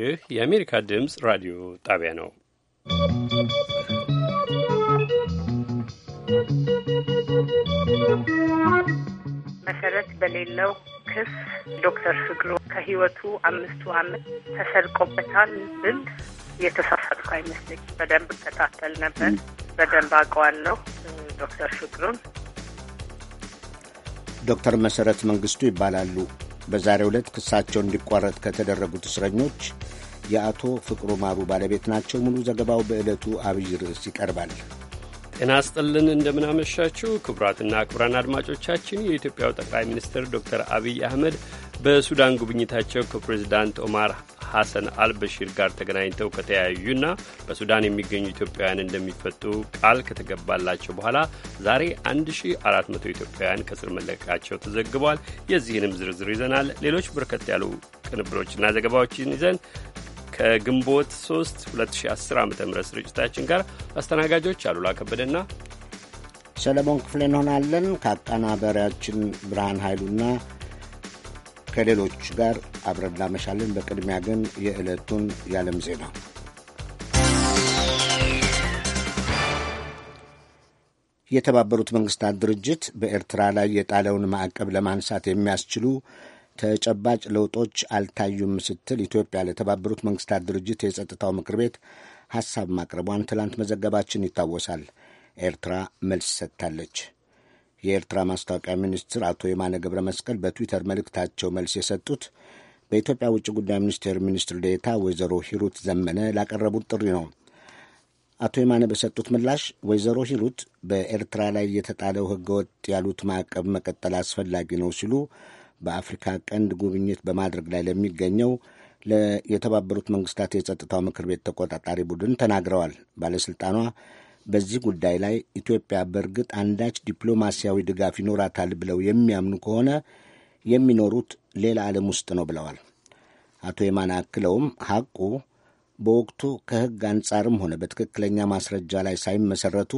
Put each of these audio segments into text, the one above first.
ይህ የአሜሪካ ድምፅ ራዲዮ ጣቢያ ነው። መሰረት በሌለው ክስ ዶክተር ፍቅሩ ከህይወቱ አምስቱ አመት ተሰልቆበታል ብል የተሳሳትኩ አይመስለኝ። በደንብ እከታተል ነበር። በደንብ አውቀዋለሁ ዶክተር ፍቅሩን። ዶክተር መሰረት መንግስቱ ይባላሉ። በዛሬው ዕለት ክሳቸው እንዲቋረጥ ከተደረጉት እስረኞች የአቶ ፍቅሩ ማሩ ባለቤት ናቸው። ሙሉ ዘገባው በዕለቱ አብይ ርዕስ ይቀርባል። ጤና ስጥልን እንደምናመሻችሁ ክቡራትና ክቡራን አድማጮቻችን የኢትዮጵያው ጠቅላይ ሚኒስትር ዶክተር አብይ አህመድ በሱዳን ጉብኝታቸው ከፕሬዚዳንት ኦማር ሐሰን አልበሺር ጋር ተገናኝተው ከተያዩና በሱዳን የሚገኙ ኢትዮጵያውያን እንደሚፈቱ ቃል ከተገባላቸው በኋላ ዛሬ 1400 ኢትዮጵያውያን ከእስር መለቀቃቸው ተዘግቧል። የዚህንም ዝርዝር ይዘናል። ሌሎች በርከት ያሉ ቅንብሮችና ዘገባዎችን ይዘን ከግንቦት 3 2010 ዓ ም ስርጭታችን ጋር አስተናጋጆች አሉላ ከበደና ሰለሞን ክፍሌ እንሆናለን። ከአቀናባሪያችን ብርሃን ኃይሉና ከሌሎች ጋር አብረን እናመሻለን። በቅድሚያ ግን የዕለቱን የዓለም ዜና የተባበሩት መንግስታት ድርጅት በኤርትራ ላይ የጣለውን ማዕቀብ ለማንሳት የሚያስችሉ ተጨባጭ ለውጦች አልታዩም ስትል ኢትዮጵያ ለተባበሩት መንግስታት ድርጅት የጸጥታው ምክር ቤት ሐሳብ ማቅረቧን ትላንት መዘገባችን ይታወሳል። ኤርትራ መልስ ሰጥታለች። የኤርትራ ማስታወቂያ ሚኒስትር አቶ የማነ ገብረ መስቀል በትዊተር መልእክታቸው መልስ የሰጡት በኢትዮጵያ ውጭ ጉዳይ ሚኒስቴር ሚኒስትር ዴታ ወይዘሮ ሂሩት ዘመነ ላቀረቡት ጥሪ ነው። አቶ የማነ በሰጡት ምላሽ ወይዘሮ ሂሩት በኤርትራ ላይ የተጣለው ህገወጥ ያሉት ማዕቀብ መቀጠል አስፈላጊ ነው ሲሉ በአፍሪካ ቀንድ ጉብኝት በማድረግ ላይ ለሚገኘው የተባበሩት መንግስታት የጸጥታው ምክር ቤት ተቆጣጣሪ ቡድን ተናግረዋል። ባለሥልጣኗ በዚህ ጉዳይ ላይ ኢትዮጵያ በእርግጥ አንዳች ዲፕሎማሲያዊ ድጋፍ ይኖራታል ብለው የሚያምኑ ከሆነ የሚኖሩት ሌላ ዓለም ውስጥ ነው ብለዋል። አቶ የማን አክለውም ሐቁ በወቅቱ ከሕግ አንጻርም ሆነ በትክክለኛ ማስረጃ ላይ ሳይመሰረቱ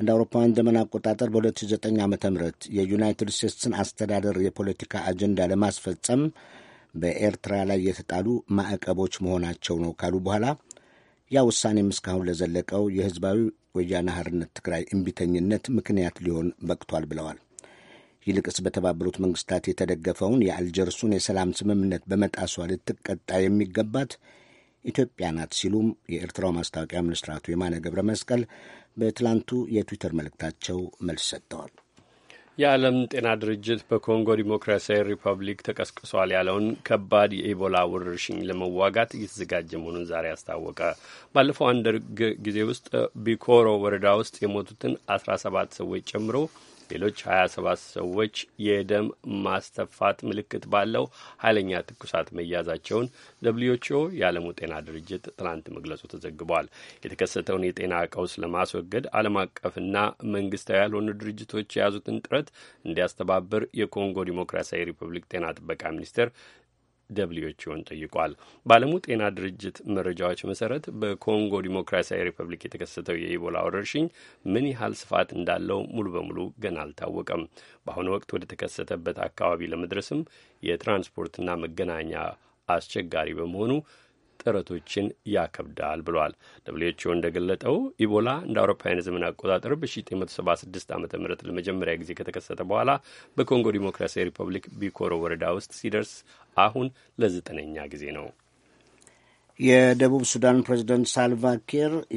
እንደ አውሮፓውያን ዘመን አቆጣጠር በ2009 ዓ ም የዩናይትድ ስቴትስን አስተዳደር የፖለቲካ አጀንዳ ለማስፈጸም በኤርትራ ላይ የተጣሉ ማዕቀቦች መሆናቸው ነው ካሉ በኋላ ያ ውሳኔም እስካሁን ለዘለቀው የሕዝባዊ ወያነ ሓርነት ትግራይ እምቢተኝነት ምክንያት ሊሆን በቅቷል ብለዋል። ይልቅስ በተባበሩት መንግስታት የተደገፈውን የአልጀርሱን የሰላም ስምምነት በመጣሷ ልትቀጣ የሚገባት ኢትዮጵያ ናት ሲሉም የኤርትራው ማስታወቂያ ሚኒስትር አቶ የማነ ገብረ መስቀል በትላንቱ የትዊተር መልእክታቸው መልስ ሰጥተዋል። የዓለም ጤና ድርጅት በኮንጎ ዲሞክራሲያዊ ሪፐብሊክ ተቀስቅሷል ያለውን ከባድ የኢቦላ ወረርሽኝ ለመዋጋት እየተዘጋጀ መሆኑን ዛሬ አስታወቀ። ባለፈው አንድ ጊዜ ውስጥ ቢኮሮ ወረዳ ውስጥ የሞቱትን አስራ ሰባት ሰዎች ጨምሮ ሌሎች 27 ሰዎች የደም ማስተፋት ምልክት ባለው ኃይለኛ ትኩሳት መያዛቸውን ደብልዩኤችኦ የዓለሙ ጤና ድርጅት ትናንት መግለጹ ተዘግቧል። የተከሰተውን የጤና ቀውስ ለማስወገድ ዓለም አቀፍና መንግስታዊ ያልሆኑ ድርጅቶች የያዙትን ጥረት እንዲያስተባብር የኮንጎ ዲሞክራሲያዊ ሪፐብሊክ ጤና ጥበቃ ሚኒስቴር ደብልዩ ጠይቋል። በዓለሙ ጤና ድርጅት መረጃዎች መሰረት በኮንጎ ዲሞክራሲያዊ ሪፐብሊክ የተከሰተው የኢቦላ ወረርሽኝ ምን ያህል ስፋት እንዳለው ሙሉ በሙሉ ገና አልታወቀም። በአሁኑ ወቅት ወደ ተከሰተበት አካባቢ ለመድረስም የትራንስፖርትና መገናኛ አስቸጋሪ በመሆኑ ጥረቶችን ያከብዳል ብሏል። ደብሊውኤችኦ እንደገለጠው ኢቦላ እንደ አውሮፓውያን ዘመን አቆጣጠር በ1976 ዓ ም ለመጀመሪያ ጊዜ ከተከሰተ በኋላ በኮንጎ ዲሞክራሲያዊ ሪፐብሊክ ቢኮሮ ወረዳ ውስጥ ሲደርስ አሁን ለዘጠነኛ ጊዜ ነው። የደቡብ ሱዳን ፕሬዝደንት ሳልቫ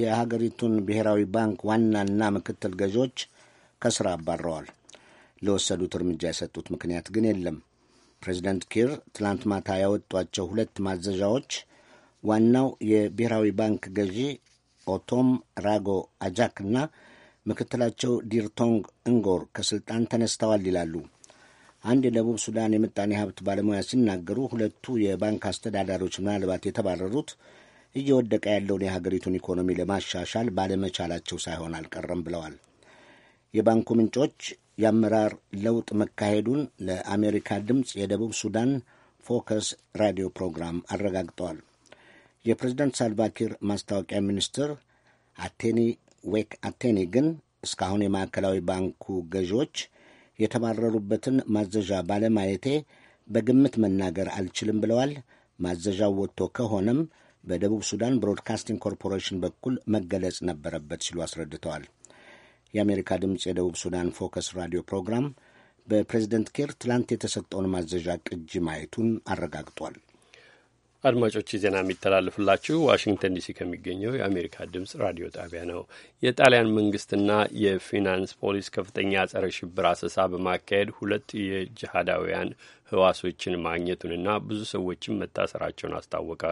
የሀገሪቱን ብሔራዊ ባንክ ዋናና ምክትል ገዢዎች ከስራ አባረዋል። ለወሰዱት እርምጃ የሰጡት ምክንያት ግን የለም። ፕሬዝደንት ኪር ትላንት ማታ ያወጧቸው ሁለት ማዘዣዎች ዋናው የብሔራዊ ባንክ ገዢ ኦቶም ራጎ አጃክ እና ምክትላቸው ዲርቶንግ እንጎር ከስልጣን ተነስተዋል ይላሉ። አንድ የደቡብ ሱዳን የምጣኔ ሀብት ባለሙያ ሲናገሩ ሁለቱ የባንክ አስተዳዳሪዎች ምናልባት የተባረሩት እየወደቀ ያለውን የሀገሪቱን ኢኮኖሚ ለማሻሻል ባለመቻላቸው ሳይሆን አልቀረም ብለዋል። የባንኩ ምንጮች የአመራር ለውጥ መካሄዱን ለአሜሪካ ድምፅ የደቡብ ሱዳን ፎከስ ራዲዮ ፕሮግራም አረጋግጠዋል። የፕሬዝደንት ሳልቫኪር ማስታወቂያ ሚኒስትር አቴኒ ዌክ አቴኒ ግን እስካሁን የማዕከላዊ ባንኩ ገዢዎች የተባረሩበትን ማዘዣ ባለማየቴ በግምት መናገር አልችልም ብለዋል። ማዘዣው ወጥቶ ከሆነም በደቡብ ሱዳን ብሮድካስቲንግ ኮርፖሬሽን በኩል መገለጽ ነበረበት ሲሉ አስረድተዋል። የአሜሪካ ድምፅ የደቡብ ሱዳን ፎከስ ራዲዮ ፕሮግራም በፕሬዝደንት ኬር ትላንት የተሰጠውን ማዘዣ ቅጂ ማየቱን አረጋግጧል። አድማጮች ዜና የሚተላለፍላችሁ ዋሽንግተን ዲሲ ከሚገኘው የአሜሪካ ድምፅ ራዲዮ ጣቢያ ነው። የጣሊያን መንግስትና የፊናንስ ፖሊስ ከፍተኛ ጸረ ሽብር አሰሳ በማካሄድ ሁለት የጅሃዳውያን ህዋሶችን ማግኘቱንና ብዙ ሰዎችም መታሰራቸውን አስታወቀ።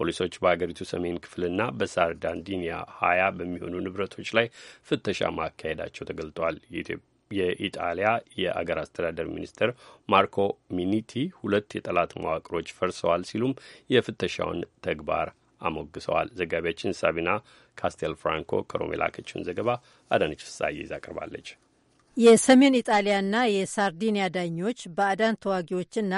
ፖሊሶች በአገሪቱ ሰሜን ክፍልና በሳርዳንዲኒያ ሀያ በሚሆኑ ንብረቶች ላይ ፍተሻ ማካሄዳቸው ተገልጧል። የኢጣሊያ የአገር አስተዳደር ሚኒስትር ማርኮ ሚኒቲ ሁለት የጠላት መዋቅሮች ፈርሰዋል ሲሉም የፍተሻውን ተግባር አሞግሰዋል። ዘጋቢያችን ሳቢና ካስቴል ፍራንኮ ከሮም የላከችውን ዘገባ አዳነች ፍሳዬ ይዛ ቀርባለች። የሰሜን ኢጣሊያና የሳርዲኒያ ዳኞች ባዕዳን ተዋጊዎችና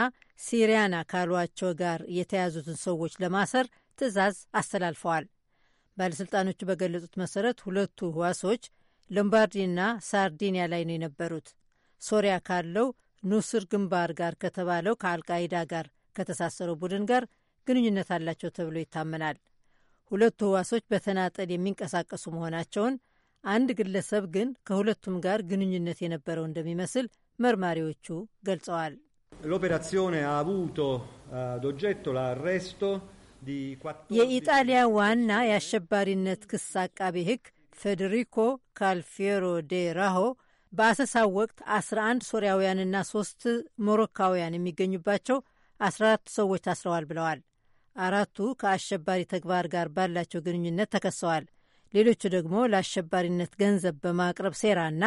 ሲሪያና ካሏቸው ጋር የተያዙትን ሰዎች ለማሰር ትዕዛዝ አስተላልፈዋል። ባለሥልጣኖቹ በገለጹት መሠረት ሁለቱ ህዋሶች ሎምባርዲና ሳርዲኒያ ላይ ነው የነበሩት። ሶሪያ ካለው ኑስር ግንባር ጋር ከተባለው ከአልቃይዳ ጋር ከተሳሰረው ቡድን ጋር ግንኙነት አላቸው ተብሎ ይታመናል። ሁለቱ ህዋሶች በተናጠል የሚንቀሳቀሱ መሆናቸውን፣ አንድ ግለሰብ ግን ከሁለቱም ጋር ግንኙነት የነበረው እንደሚመስል መርማሪዎቹ ገልጸዋል። l'operazione ha ዶጀቶ eh, ad የኢጣሊያ ዋና የአሸባሪነት ክስ አቃቤ ህግ ፌዴሪኮ ካልፊየሮ ዴ ራሆ በአሰሳው ወቅት 11 ሶሪያውያንና ሶስት ሞሮካውያን የሚገኙባቸው 14 ሰዎች ታስረዋል ብለዋል። አራቱ ከአሸባሪ ተግባር ጋር ባላቸው ግንኙነት ተከሰዋል። ሌሎቹ ደግሞ ለአሸባሪነት ገንዘብ በማቅረብ ሴራና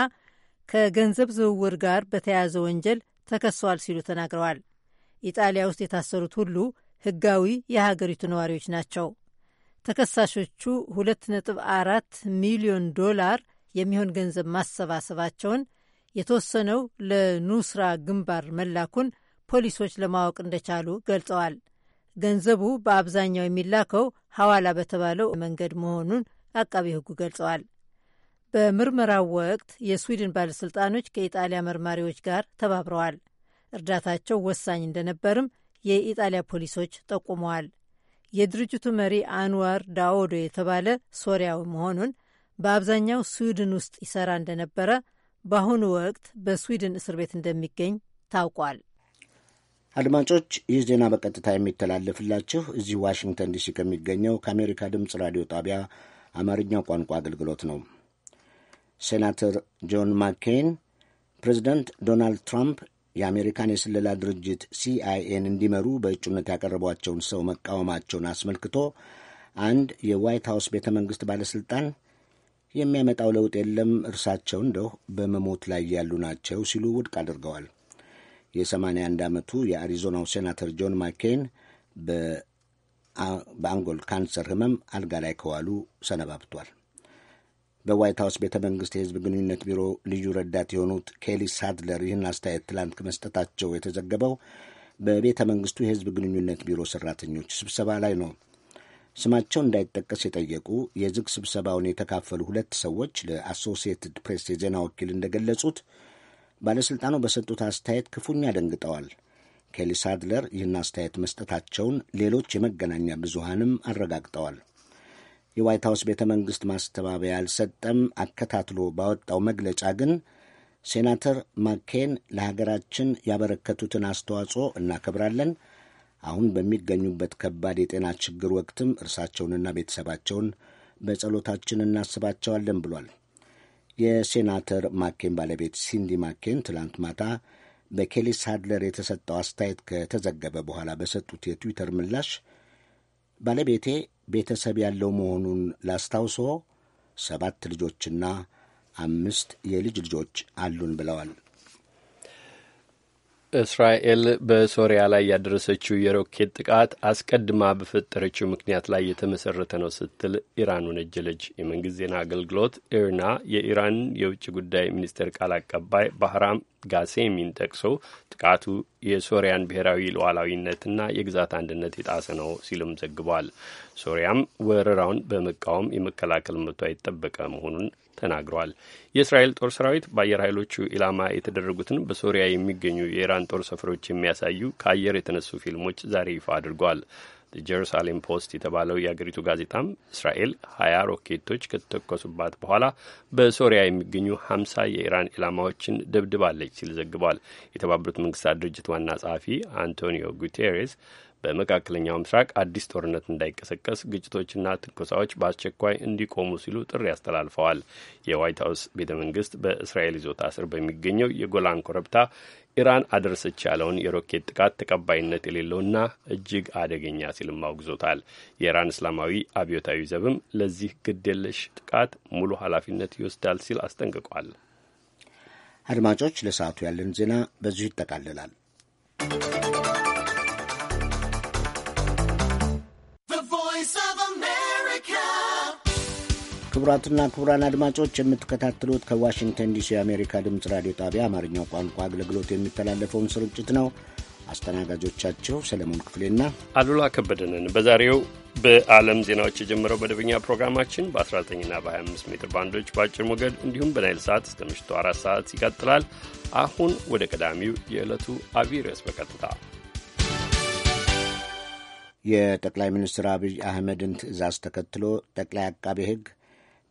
ከገንዘብ ዝውውር ጋር በተያያዘ ወንጀል ተከሰዋል ሲሉ ተናግረዋል። ኢጣሊያ ውስጥ የታሰሩት ሁሉ ሕጋዊ የሀገሪቱ ነዋሪዎች ናቸው። ተከሳሾቹ 2.4 ሚሊዮን ዶላር የሚሆን ገንዘብ ማሰባሰባቸውን የተወሰነው ለኑስራ ግንባር መላኩን ፖሊሶች ለማወቅ እንደቻሉ ገልጸዋል። ገንዘቡ በአብዛኛው የሚላከው ሐዋላ በተባለው መንገድ መሆኑን አቃቢ ሕጉ ገልጸዋል። በምርመራው ወቅት የስዊድን ባለሥልጣኖች ከኢጣሊያ መርማሪዎች ጋር ተባብረዋል። እርዳታቸው ወሳኝ እንደነበርም የኢጣሊያ ፖሊሶች ጠቁመዋል። የድርጅቱ መሪ አንዋር ዳዎዶ የተባለ ሶሪያዊ መሆኑን በአብዛኛው ስዊድን ውስጥ ይሰራ እንደነበረ በአሁኑ ወቅት በስዊድን እስር ቤት እንደሚገኝ ታውቋል። አድማጮች፣ ይህ ዜና በቀጥታ የሚተላለፍላችሁ እዚህ ዋሽንግተን ዲሲ ከሚገኘው ከአሜሪካ ድምፅ ራዲዮ ጣቢያ አማርኛው ቋንቋ አገልግሎት ነው። ሴናተር ጆን ማኬን ፕሬዚደንት ዶናልድ ትራምፕ የአሜሪካን የስለላ ድርጅት ሲአይኤን እንዲመሩ በእጩነት ያቀረቧቸውን ሰው መቃወማቸውን አስመልክቶ አንድ የዋይት ሀውስ ቤተ መንግሥት ባለሥልጣን የሚያመጣው ለውጥ የለም፣ እርሳቸው እንደው በመሞት ላይ ያሉ ናቸው ሲሉ ውድቅ አድርገዋል። የ81 ዓመቱ የአሪዞናው ሴናተር ጆን ማኬን በአንጎል ካንሰር ህመም አልጋ ላይ ከዋሉ ሰነባብቷል። በዋይት ሀውስ ቤተ መንግስት የህዝብ ግንኙነት ቢሮ ልዩ ረዳት የሆኑት ኬሊ ሳድለር ይህን አስተያየት ትላንት ከመስጠታቸው የተዘገበው በቤተ መንግስቱ የህዝብ ግንኙነት ቢሮ ሰራተኞች ስብሰባ ላይ ነው። ስማቸው እንዳይጠቀስ የጠየቁ የዝግ ስብሰባውን የተካፈሉ ሁለት ሰዎች ለአሶሲየትድ ፕሬስ የዜና ወኪል እንደገለጹት ባለሥልጣኑ በሰጡት አስተያየት ክፉኛ ደንግጠዋል። ኬሊ ሳድለር ይህን አስተያየት መስጠታቸውን ሌሎች የመገናኛ ብዙሃንም አረጋግጠዋል። የዋይት ሀውስ ቤተ መንግሥት ማስተባበያ አልሰጠም። አከታትሎ ባወጣው መግለጫ ግን ሴናተር ማኬን ለሀገራችን ያበረከቱትን አስተዋጽኦ እናከብራለን። አሁን በሚገኙበት ከባድ የጤና ችግር ወቅትም እርሳቸውንና ቤተሰባቸውን በጸሎታችን እናስባቸዋለን ብሏል። የሴናተር ማኬን ባለቤት ሲንዲ ማኬን ትላንት ማታ በኬሊ ሳድለር የተሰጠው አስተያየት ከተዘገበ በኋላ በሰጡት የትዊተር ምላሽ ባለቤቴ ቤተሰብ ያለው መሆኑን ላስታውሶ ሰባት ልጆችና አምስት የልጅ ልጆች አሉን ብለዋል። እስራኤል በሶሪያ ላይ ያደረሰችው የሮኬት ጥቃት አስቀድማ በፈጠረችው ምክንያት ላይ የተመሰረተ ነው ስትል ኢራን ወነጀለች። የመንግስት ዜና አገልግሎት ኢርና የኢራን የውጭ ጉዳይ ሚኒስቴር ቃል አቀባይ ባህራም ጋሴሚን ጠቅሶ ጥቃቱ የሶሪያን ብሔራዊ ሉዓላዊነትና የግዛት አንድነት የጣሰ ነው ሲልም ዘግቧል። ሶሪያም ወረራውን በመቃወም የመከላከል መብቷ የተጠበቀ መሆኑን ተናግሯል። የእስራኤል ጦር ሰራዊት በአየር ኃይሎቹ ኢላማ የተደረጉትን በሶሪያ የሚገኙ የኢራን ጦር ሰፈሮች የሚያሳዩ ከአየር የተነሱ ፊልሞች ዛሬ ይፋ አድርጓል። ጀሩሳሌም ፖስት የተባለው የአገሪቱ ጋዜጣም እስራኤል ሀያ ሮኬቶች ከተተኮሱባት በኋላ በሶሪያ የሚገኙ ሀምሳ የኢራን ኢላማዎችን ደብድባለች ሲል ዘግቧል። የተባበሩት መንግስታት ድርጅት ዋና ጸሐፊ አንቶኒዮ ጉቴሬስ በመካከለኛው ምስራቅ አዲስ ጦርነት እንዳይቀሰቀስ ግጭቶችና ትንኮሳዎች በአስቸኳይ እንዲቆሙ ሲሉ ጥሪ አስተላልፈዋል። የዋይት ሀውስ ቤተ መንግስት በእስራኤል ይዞታ ስር በሚገኘው የጎላን ኮረብታ ኢራን አደረሰች ያለውን የሮኬት ጥቃት ተቀባይነት የሌለውና እጅግ አደገኛ ሲልም አውግዞታል። የኢራን እስላማዊ አብዮታዊ ዘብም ለዚህ ግድየለሽ ጥቃት ሙሉ ኃላፊነት ይወስዳል ሲል አስጠንቅቋል። አድማጮች፣ ለሰዓቱ ያለን ዜና በዚሁ ይጠቃልላል። ክቡራትና ክቡራን አድማጮች የምትከታተሉት ከዋሽንግተን ዲሲ የአሜሪካ ድምፅ ራዲዮ ጣቢያ አማርኛው ቋንቋ አገልግሎት የሚተላለፈውን ስርጭት ነው። አስተናጋጆቻቸው ሰለሞን ክፍሌና አሉላ ከበደንን በዛሬው በዓለም ዜናዎች የጀመረው መደበኛ ፕሮግራማችን በ19ና በ25 ሜትር ባንዶች በአጭር ሞገድ እንዲሁም በናይል ሰዓት እስከ ምሽቱ አራት ሰዓት ይቀጥላል። አሁን ወደ ቀዳሚው የዕለቱ አብይ ርዕስ በቀጥታ የጠቅላይ ሚኒስትር አብይ አህመድን ትዕዛዝ ተከትሎ ጠቅላይ አቃቤ ሕግ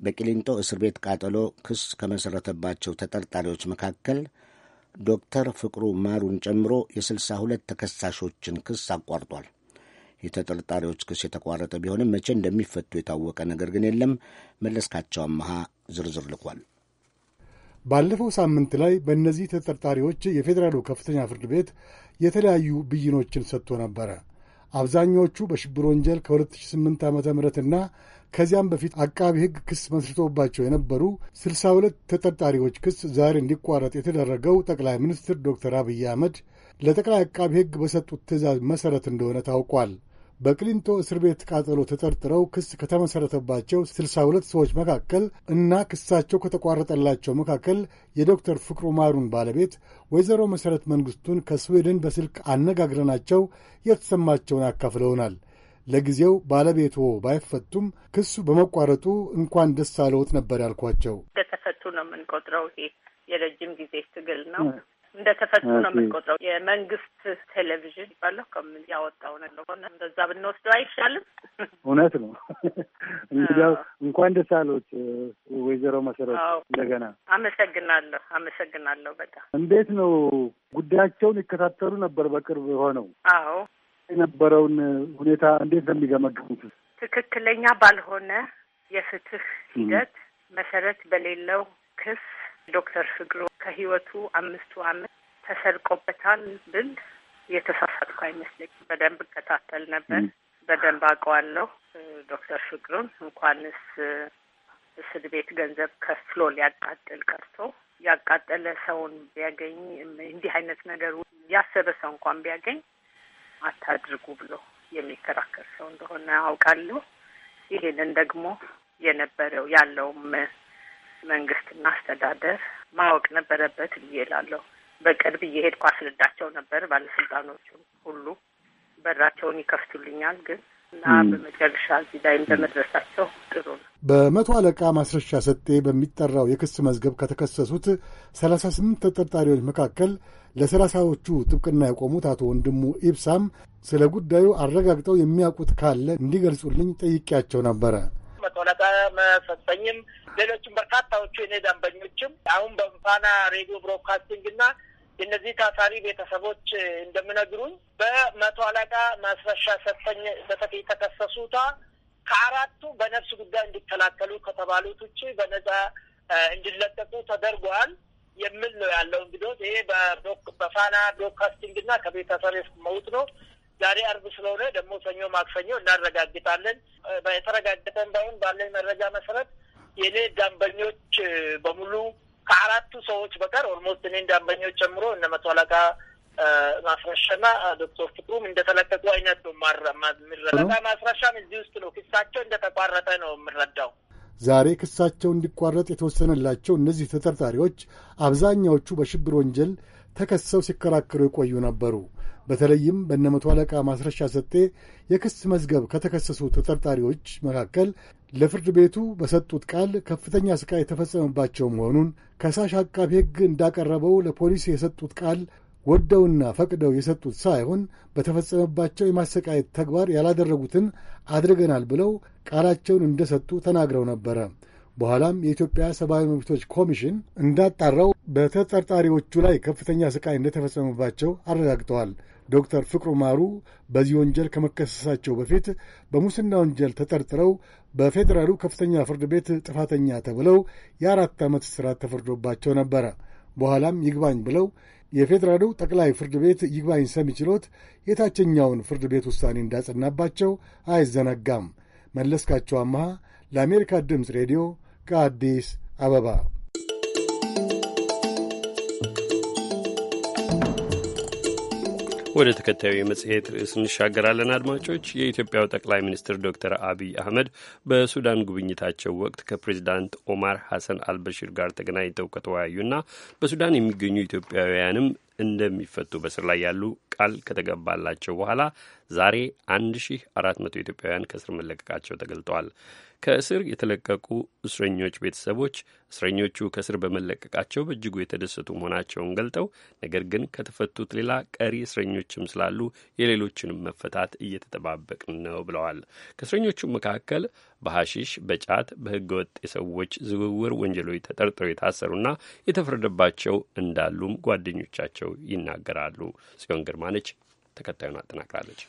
በቂሊንጦ እስር ቤት ቃጠሎ ክስ ከመሠረተባቸው ተጠርጣሪዎች መካከል ዶክተር ፍቅሩ ማሩን ጨምሮ የስልሳ ሁለት ተከሳሾችን ክስ አቋርጧል። የተጠርጣሪዎች ክስ የተቋረጠ ቢሆንም መቼ እንደሚፈቱ የታወቀ ነገር ግን የለም። መለስካቸው አመሃ ዝርዝር ልኳል። ባለፈው ሳምንት ላይ በእነዚህ ተጠርጣሪዎች የፌዴራሉ ከፍተኛ ፍርድ ቤት የተለያዩ ብይኖችን ሰጥቶ ነበረ። አብዛኛዎቹ በሽብር ወንጀል ከ2008 ዓ.ም እና ከዚያም በፊት አቃቢ ሕግ ክስ መስርቶባቸው የነበሩ ስልሳ ሁለት ተጠርጣሪዎች ክስ ዛሬ እንዲቋረጥ የተደረገው ጠቅላይ ሚኒስትር ዶክተር አብይ አህመድ ለጠቅላይ አቃቢ ሕግ በሰጡት ትእዛዝ መሠረት እንደሆነ ታውቋል። በቅሊንጦ እስር ቤት ቃጠሎ ተጠርጥረው ክስ ከተመሠረተባቸው ስልሳ ሁለት ሰዎች መካከል እና ክሳቸው ከተቋረጠላቸው መካከል የዶክተር ፍቅሩ ማሩን ባለቤት ወይዘሮ መሠረት መንግሥቱን ከስዊድን በስልክ አነጋግረናቸው የተሰማቸውን አካፍለውናል። ለጊዜው ባለቤቶ ባይፈቱም ክሱ በመቋረጡ እንኳን ደስ አለዎት ነበር ያልኳቸው። እንደተፈቱ ነው የምንቆጥረው። ይሄ የረጅም ጊዜ ትግል ነው። እንደተፈቱ ነው የምንቆጥረው። የመንግስት ቴሌቪዥን ይባለሁ ከምን ያወጣው ሆነ እንደዛ ብንወስደው አይሻልም? እውነት ነው። እንግዲያው እንኳን ደስ አለዎት ወይዘሮ መሰረት። እንደገና አመሰግናለሁ፣ አመሰግናለሁ በጣም። እንዴት ነው ጉዳያቸውን ይከታተሉ ነበር በቅርብ ሆነው? አዎ የነበረውን ሁኔታ እንዴት ነው የሚገመግሙት? ትክክለኛ ባልሆነ የፍትህ ሂደት መሰረት በሌለው ክስ ዶክተር ፍቅሩ ከህይወቱ አምስቱ አመት ተሰርቆበታል ብል የተሳሳትኩ አይመስለኝ። በደንብ እከታተል ነበር፣ በደንብ አውቀዋለሁ። ዶክተር ፍቅሩን እንኳንስ እስር ቤት ገንዘብ ከፍሎ ሊያቃጥል ቀርቶ ያቃጠለ ሰውን ቢያገኝ እንዲህ አይነት ነገር ያሰበ ሰው እንኳን ቢያገኝ አታድርጉ ብሎ የሚከራከር ሰው እንደሆነ አውቃለሁ። ይሄንን ደግሞ የነበረው ያለውም መንግስትና አስተዳደር ማወቅ ነበረበት ብዬ እላለሁ። በቅርብ እየሄድኩ አስረዳቸው ነበር። ባለስልጣኖቹም ሁሉ በራቸውን ይከፍቱልኛል ግን እና በመጨረሻ እዚህ ላይ እንደመድረሳቸው ጥሩ ነው። በመቶ አለቃ ማስረሻ ሰጤ በሚጠራው የክስ መዝገብ ከተከሰሱት ሰላሳ ስምንት ተጠርጣሪዎች መካከል ለሰላሳዎቹ ጥብቅና የቆሙት አቶ ወንድሙ ኢብሳም ስለ ጉዳዩ አረጋግጠው የሚያውቁት ካለ እንዲገልጹልኝ ጠይቄያቸው ነበረ። መሰጠኝም ሌሎችም በርካታዎቹ የኔ ደንበኞችም አሁን በምፋና ሬዲዮ ብሮድካስቲንግ እና እነዚህ ታሳሪ ቤተሰቦች እንደምነግሩኝ በመቶ አለቃ ማስረሻ ሰጠኝ በተፊ ተከሰሱታ ከአራቱ በነፍስ ጉዳይ እንዲከላከሉ ከተባሉት ውጭ በነጻ እንዲለቀቁ ተደርጓል። የሚል ነው ያለው። እንግዲህ ይሄ በፋና ብሮድካስቲንግ እና ከቤተሰብ መውት ነው። ዛሬ አርብ ስለሆነ ደግሞ ሰኞ፣ ማክሰኞ እናረጋግጣለን። የተረጋገጠን ባይሆን ባለን መረጃ መሰረት የእኔ ደንበኞች በሙሉ ከአራቱ ሰዎች በቀር ኦልሞስት እኔን ደንበኞች ጨምሮ እነ መቶ አለቃ ማስረሻና ዶክተር ፍቅሩም እንደተለቀቁ አይነት ነው የሚረዳ። ማስረሻም እዚህ ውስጥ ነው። ክሳቸው እንደተቋረጠ ነው የምረዳው። ዛሬ ክሳቸው እንዲቋረጥ የተወሰነላቸው እነዚህ ተጠርጣሪዎች አብዛኛዎቹ በሽብር ወንጀል ተከሰው ሲከራከሩ የቆዩ ነበሩ። በተለይም በእነ መቶ አለቃ ማስረሻ ሰጤ የክስ መዝገብ ከተከሰሱ ተጠርጣሪዎች መካከል ለፍርድ ቤቱ በሰጡት ቃል ከፍተኛ ስቃይ የተፈጸመባቸው መሆኑን ከሳሽ አቃቢ ሕግ እንዳቀረበው ለፖሊስ የሰጡት ቃል ወደውና ፈቅደው የሰጡት ሳይሆን በተፈጸመባቸው የማሰቃየት ተግባር ያላደረጉትን አድርገናል ብለው ቃላቸውን እንደሰጡ ተናግረው ነበረ። በኋላም የኢትዮጵያ ሰብአዊ መብቶች ኮሚሽን እንዳጣራው በተጠርጣሪዎቹ ላይ ከፍተኛ ስቃይ እንደተፈጸመባቸው አረጋግጠዋል። ዶክተር ፍቅሩ ማሩ በዚህ ወንጀል ከመከሰሳቸው በፊት በሙስና ወንጀል ተጠርጥረው በፌዴራሉ ከፍተኛ ፍርድ ቤት ጥፋተኛ ተብለው የአራት ዓመት እስራት ተፈርዶባቸው ነበረ። በኋላም ይግባኝ ብለው የፌዴራሉ ጠቅላይ ፍርድ ቤት ይግባኝ ሰሚ ችሎት የታችኛውን ፍርድ ቤት ውሳኔ እንዳጸናባቸው አይዘነጋም። መለስካቸው አመሃ ለአሜሪካ ድምፅ ሬዲዮ ከአዲስ አበባ ወደ ተከታዩ የመጽሔት ርዕስ እንሻገራለን። አድማጮች፣ የኢትዮጵያው ጠቅላይ ሚኒስትር ዶክተር አብይ አህመድ በሱዳን ጉብኝታቸው ወቅት ከፕሬዚዳንት ኦማር ሐሰን አልበሽር ጋር ተገናኝተው ከተወያዩና በሱዳን የሚገኙ ኢትዮጵያውያንም እንደሚፈቱ በስር ላይ ያሉ ቃል ከተገባላቸው በኋላ ዛሬ 1400 ኢትዮጵያውያን ከእስር መለቀቃቸው ተገልጠዋል። ከእስር የተለቀቁ እስረኞች ቤተሰቦች እስረኞቹ ከእስር በመለቀቃቸው በእጅጉ የተደሰቱ መሆናቸውን ገልጠው ነገር ግን ከተፈቱት ሌላ ቀሪ እስረኞችም ስላሉ የሌሎችንም መፈታት እየተጠባበቅን ነው ብለዋል። ከእስረኞቹ መካከል በሐሺሽ፣ በጫት፣ በህገወጥ የሰዎች ዝውውር ወንጀሎች ተጠርጥረው የታሰሩና የተፈረደባቸው እንዳሉም ጓደኞቻቸው ይናገራሉ። ጽዮን ግርማነች ተከታዩን አጠናቅራለች።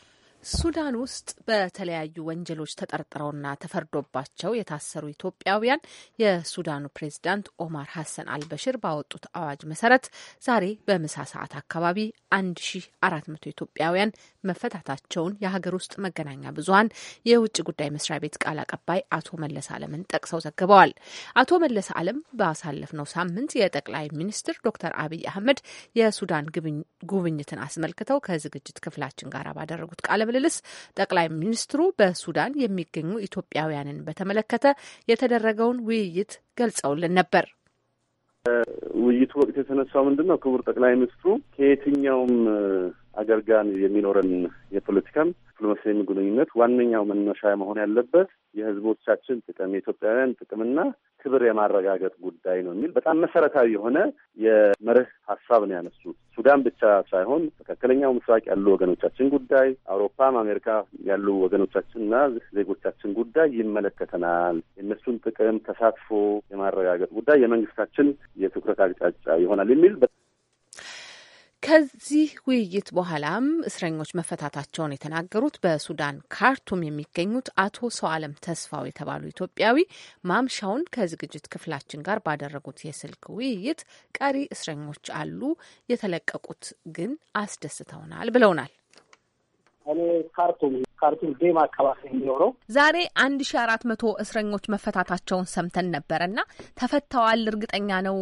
ሱዳን ውስጥ በተለያዩ ወንጀሎች ተጠርጥረውና ተፈርዶባቸው የታሰሩ ኢትዮጵያውያን የሱዳኑ ፕሬዝዳንት ኦማር ሐሰን አልበሽር ባወጡት አዋጅ መሰረት ዛሬ በምሳ ሰዓት አካባቢ 1400 ኢትዮጵያውያን መፈታታቸውን የሀገር ውስጥ መገናኛ ብዙኃን የውጭ ጉዳይ መስሪያ ቤት ቃል አቀባይ አቶ መለስ አለምን ጠቅሰው ዘግበዋል። አቶ መለስ አለም ባሳለፍነው ሳምንት የጠቅላይ ሚኒስትር ዶክተር አብይ አህመድ የሱዳን ጉብኝትን አስመልክተው ከዝግጅት ክፍላችን ጋር ባደረጉት ቃለ ምልልስ ጠቅላይ ሚኒስትሩ በሱዳን የሚገኙ ኢትዮጵያውያንን በተመለከተ የተደረገውን ውይይት ገልጸውልን ነበር። ውይይቱ ወቅት የተነሳው ምንድን ነው? ክቡር ጠቅላይ ሚኒስትሩ ከየትኛውም አገር ጋር የሚኖረን የፖለቲካም ዲፕሎማሲያዊ ግንኙነት ዋነኛው መነሻ መሆን ያለበት የህዝቦቻችን ጥቅም የኢትዮጵያውያን ጥቅምና ክብር የማረጋገጥ ጉዳይ ነው የሚል በጣም መሰረታዊ የሆነ የመርህ ሀሳብ ነው ያነሱት። ሱዳን ብቻ ሳይሆን መካከለኛው ምስራቅ ያሉ ወገኖቻችን ጉዳይ፣ አውሮፓም አሜሪካ ያሉ ወገኖቻችንና ዜጎቻችን ጉዳይ ይመለከተናል። የእነሱን ጥቅም ተሳትፎ የማረጋገጥ ጉዳይ የመንግስታችን የትኩረት አቅጣጫ ይሆናል የሚል ከዚህ ውይይት በኋላም እስረኞች መፈታታቸውን የተናገሩት በሱዳን ካርቱም የሚገኙት አቶ ሰው አለም ተስፋው የተባሉ ኢትዮጵያዊ ማምሻውን ከዝግጅት ክፍላችን ጋር ባደረጉት የስልክ ውይይት ቀሪ እስረኞች አሉ፣ የተለቀቁት ግን አስደስተውናል ብለውናል። እኔ ካርቱም ካርቱም ዴማ አካባቢ የሚኖረው ዛሬ አንድ ሺ አራት መቶ እስረኞች መፈታታቸውን ሰምተን ነበረ ና ተፈተዋል እርግጠኛ ነው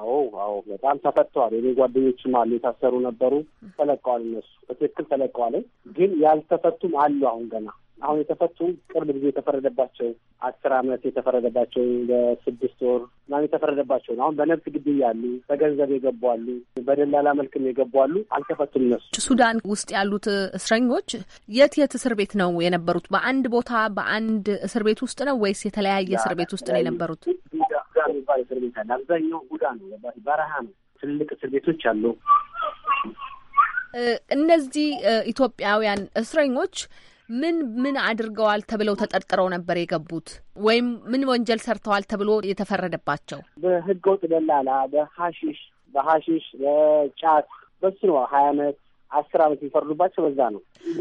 አዎ አዎ በጣም ተፈተዋል። የኔ ጓደኞችም አሉ የታሰሩ ነበሩ፣ ተለቀዋል። እነሱ በትክክል ተለቀዋል። ግን ያልተፈቱም አሉ አሁን ገና አሁን የተፈቱ ቅርብ ጊዜ የተፈረደባቸው አስር አመት የተፈረደባቸው በስድስት ወር ምናምን የተፈረደባቸው አሁን በነብስ ግድያ ያሉ፣ በገንዘብ የገቡ አሉ፣ በደላላ መልክም የገቡ አሉ። አልተፈቱም። እነሱ ሱዳን ውስጥ ያሉት እስረኞች የት የት እስር ቤት ነው የነበሩት? በአንድ ቦታ በአንድ እስር ቤት ውስጥ ነው ወይስ የተለያየ እስር ቤት ውስጥ ነው የነበሩት? የሚባል እስር ቤት አለ። አብዛኛው ጉዳ ነው፣ በረሃ ነው። ትልቅ እስር ቤቶች አሉ። እነዚህ ኢትዮጵያውያን እስረኞች ምን ምን አድርገዋል ተብለው ተጠርጥረው ነበር የገቡት? ወይም ምን ወንጀል ሰርተዋል ተብሎ የተፈረደባቸው? በህገወጥ ደላላ፣ በሀሺሽ በሀሺሽ በጫት በስኖ ሀያ አመት አስር አመት የሚፈርዱባቸው በዛ ነው።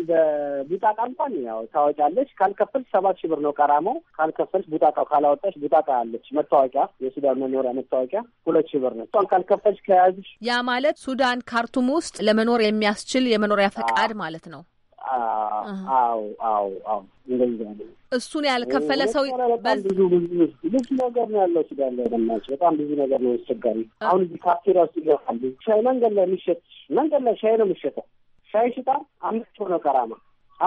በቡጣቃ እንኳን ያው ታወቂያለች። ካልከፈልች ሰባት ሺህ ብር ነው ቀራመው። ካልከፈልች ቡጣቃው ካላወጣች ቡጣቃ ያለች መታወቂያ የሱዳን መኖሪያ መታወቂያ ሁለት ሺህ ብር ነው። እሷን ካልከፈልች ከያዙች ያ ማለት ሱዳን ካርቱም ውስጥ ለመኖር የሚያስችል የመኖሪያ ፈቃድ ማለት ነው። አዎ አዎ አዎ እንደዚያ ነው። እሱን ያልከፈለ ሰው በጣም ብዙ ነገር ነው ያለው ሱዳን ላይ በጣም ብዙ ነገር ነው አስቸጋሪ። አሁን እዚህ ካፍቴሪያ ውስጥ ይገባሉ። ሻይ መንገድ ላይ የሚሸጥ መንገድ ላይ ሻይ ነው የሚሸጠው። ሻይ ሽጣ አምስት ሆነ ቀራማ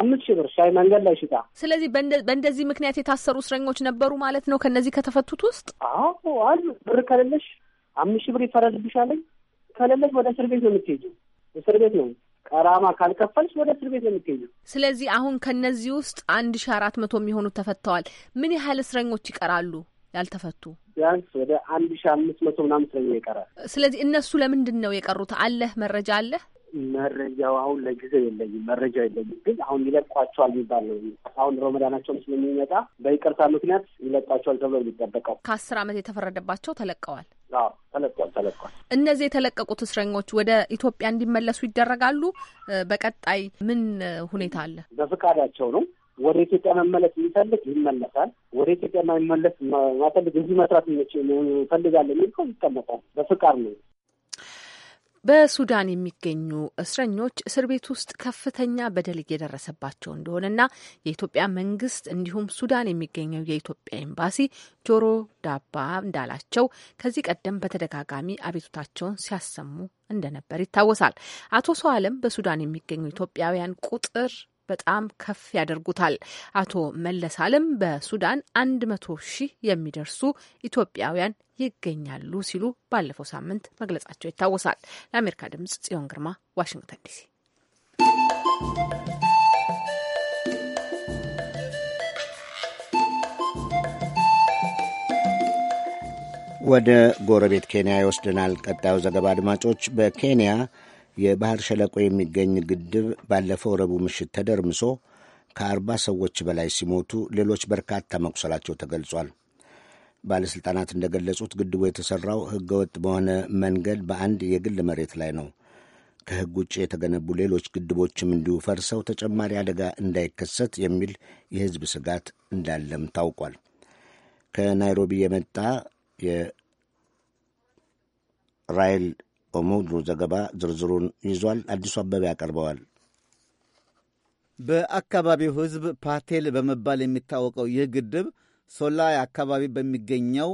አምስት ሺህ ብር ሻይ መንገድ ላይ ሽጣ። ስለዚህ በእንደዚህ ምክንያት የታሰሩ እስረኞች ነበሩ ማለት ነው ከእነዚህ ከተፈቱት ውስጥ? አዎ አሉ። ብር ከሌለሽ አምስት ሺህ ብር ይፈረድብሻለኝ። ከሌለሽ ወደ እስር ቤት ነው የምትሄጂው። እስር ቤት ነው ቀራማ ካልከፈልሽ ወደ እስር ቤት ነው የሚገኘው። ስለዚህ አሁን ከነዚህ ውስጥ አንድ ሺ አራት መቶ የሚሆኑ ተፈተዋል። ምን ያህል እስረኞች ይቀራሉ ያልተፈቱ? ቢያንስ ወደ አንድ ሺ አምስት መቶ ምናምን እስረኛ ይቀራል። ስለዚህ እነሱ ለምንድን ነው የቀሩት? አለህ መረጃ አለህ? መረጃው አሁን ለጊዜው የለኝም፣ መረጃ የለኝም። ግን አሁን ይለቋቸዋል የሚባል አሁን ረመዳናቸውም ስለሚመጣ በይቅርታ ምክንያት ይለቋቸዋል ተብሎ የሚጠበቀው ከአስር ዓመት የተፈረደባቸው ተለቀዋል። ተለቋል ተለቋል። እነዚህ የተለቀቁት እስረኞች ወደ ኢትዮጵያ እንዲመለሱ ይደረጋሉ። በቀጣይ ምን ሁኔታ አለ? በፍቃዳቸው ነው። ወደ ኢትዮጵያ መመለስ የሚፈልግ ይመለሳል። ወደ ኢትዮጵያ ማይመለስ ማፈልግ እዚህ መስራት ፈልጋለ የሚል ይቀመጣል። በፍቃድ ነው። በሱዳን የሚገኙ እስረኞች እስር ቤት ውስጥ ከፍተኛ በደል እየደረሰባቸው እንደሆነና የኢትዮጵያ መንግስት እንዲሁም ሱዳን የሚገኘው የኢትዮጵያ ኤምባሲ ጆሮ ዳባ እንዳላቸው ከዚህ ቀደም በተደጋጋሚ አቤቱታቸውን ሲያሰሙ እንደነበር ይታወሳል። አቶ ሰው አለም በሱዳን የሚገኙ ኢትዮጵያውያን ቁጥር በጣም ከፍ ያደርጉታል። አቶ መለስ አለም በሱዳን አንድ መቶ ሺህ የሚደርሱ ኢትዮጵያውያን ይገኛሉ ሲሉ ባለፈው ሳምንት መግለጻቸው ይታወሳል። ለአሜሪካ ድምጽ ጽዮን ግርማ ዋሽንግተን ዲሲ። ወደ ጎረቤት ኬንያ ይወስደናል ቀጣዩ ዘገባ። አድማጮች በኬንያ የባህር ሸለቆ የሚገኝ ግድብ ባለፈው ረቡዕ ምሽት ተደርምሶ ከአርባ ሰዎች በላይ ሲሞቱ ሌሎች በርካታ መቁሰላቸው ተገልጿል። ባለሥልጣናት እንደገለጹት ግድቡ የተሠራው ሕገወጥ በሆነ መንገድ በአንድ የግል መሬት ላይ ነው። ከሕግ ውጭ የተገነቡ ሌሎች ግድቦችም እንዲሁ ፈርሰው ተጨማሪ አደጋ እንዳይከሰት የሚል የሕዝብ ስጋት እንዳለም ታውቋል። ከናይሮቢ የመጣ የራይል ኦሞዱ ዘገባ ዝርዝሩን ይዟል። አዲሱ አበበ ያቀርበዋል። በአካባቢው ሕዝብ ፓቴል በመባል የሚታወቀው ይህ ግድብ ሶላይ አካባቢ በሚገኘው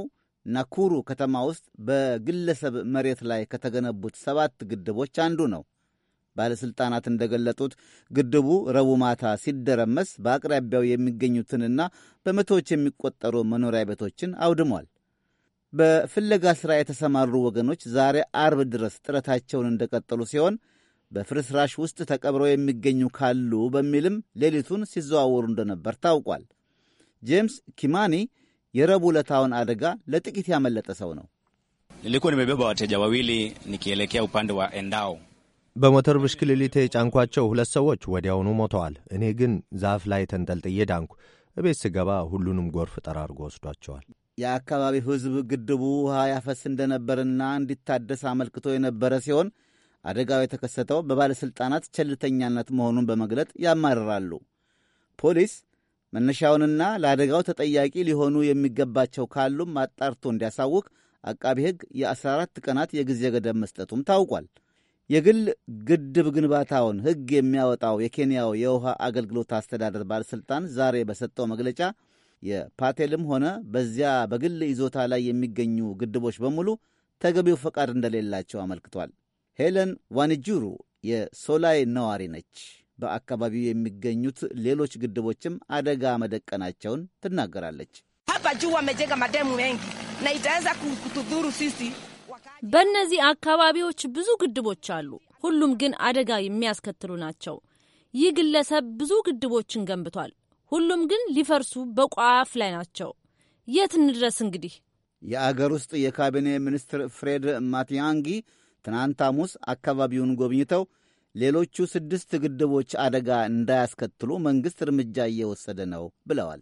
ናኩሩ ከተማ ውስጥ በግለሰብ መሬት ላይ ከተገነቡት ሰባት ግድቦች አንዱ ነው። ባለሥልጣናት እንደገለጡት ግድቡ ረቡዕ ማታ ሲደረመስ በአቅራቢያው የሚገኙትንና በመቶዎች የሚቆጠሩ መኖሪያ ቤቶችን አውድሟል። በፍለጋ ሥራ የተሰማሩ ወገኖች ዛሬ አርብ ድረስ ጥረታቸውን እንደቀጠሉ ሲሆን በፍርስራሽ ውስጥ ተቀብረው የሚገኙ ካሉ በሚልም ሌሊቱን ሲዘዋወሩ እንደነበር ታውቋል። ጄምስ ኪማኒ የረቡዕ ዕለታውን አደጋ ለጥቂት ያመለጠ ሰው ነው። nilikuwa በሞተር ብሽክሌት የጫንኳቸው ሁለት ሰዎች ወዲያውኑ ሞተዋል። እኔ ግን ዛፍ ላይ ተንጠልጥዬ ዳንኩ። እቤት ስገባ ሁሉንም ጎርፍ ጠራርጎ ወስዷቸዋል። የአካባቢው ሕዝብ ግድቡ ውሃ ያፈስ እንደነበርና እንዲታደስ አመልክቶ የነበረ ሲሆን አደጋው የተከሰተው በባለሥልጣናት ቸልተኛነት መሆኑን በመግለጥ ያማርራሉ። ፖሊስ መነሻውንና ለአደጋው ተጠያቂ ሊሆኑ የሚገባቸው ካሉም አጣርቶ እንዲያሳውቅ አቃቢ ሕግ የ14 ቀናት የጊዜ ገደብ መስጠቱም ታውቋል። የግል ግድብ ግንባታውን ሕግ የሚያወጣው የኬንያው የውሃ አገልግሎት አስተዳደር ባለሥልጣን ዛሬ በሰጠው መግለጫ የፓቴልም ሆነ በዚያ በግል ይዞታ ላይ የሚገኙ ግድቦች በሙሉ ተገቢው ፈቃድ እንደሌላቸው አመልክቷል። ሄለን ዋንጁሩ የሶላይ ነዋሪ ነች። በአካባቢው የሚገኙት ሌሎች ግድቦችም አደጋ መደቀናቸውን ትናገራለች። በእነዚህ አካባቢዎች ብዙ ግድቦች አሉ። ሁሉም ግን አደጋ የሚያስከትሉ ናቸው። ይህ ግለሰብ ብዙ ግድቦችን ገንብቷል። ሁሉም ግን ሊፈርሱ በቋፍ ላይ ናቸው። የት እንድረስ እንግዲህ? የአገር ውስጥ የካቢኔ ሚኒስትር ፍሬድ ማቲያንጊ ትናንት ሐሙስ አካባቢውን ጎብኝተው ሌሎቹ ስድስት ግድቦች አደጋ እንዳያስከትሉ መንግሥት እርምጃ እየወሰደ ነው ብለዋል።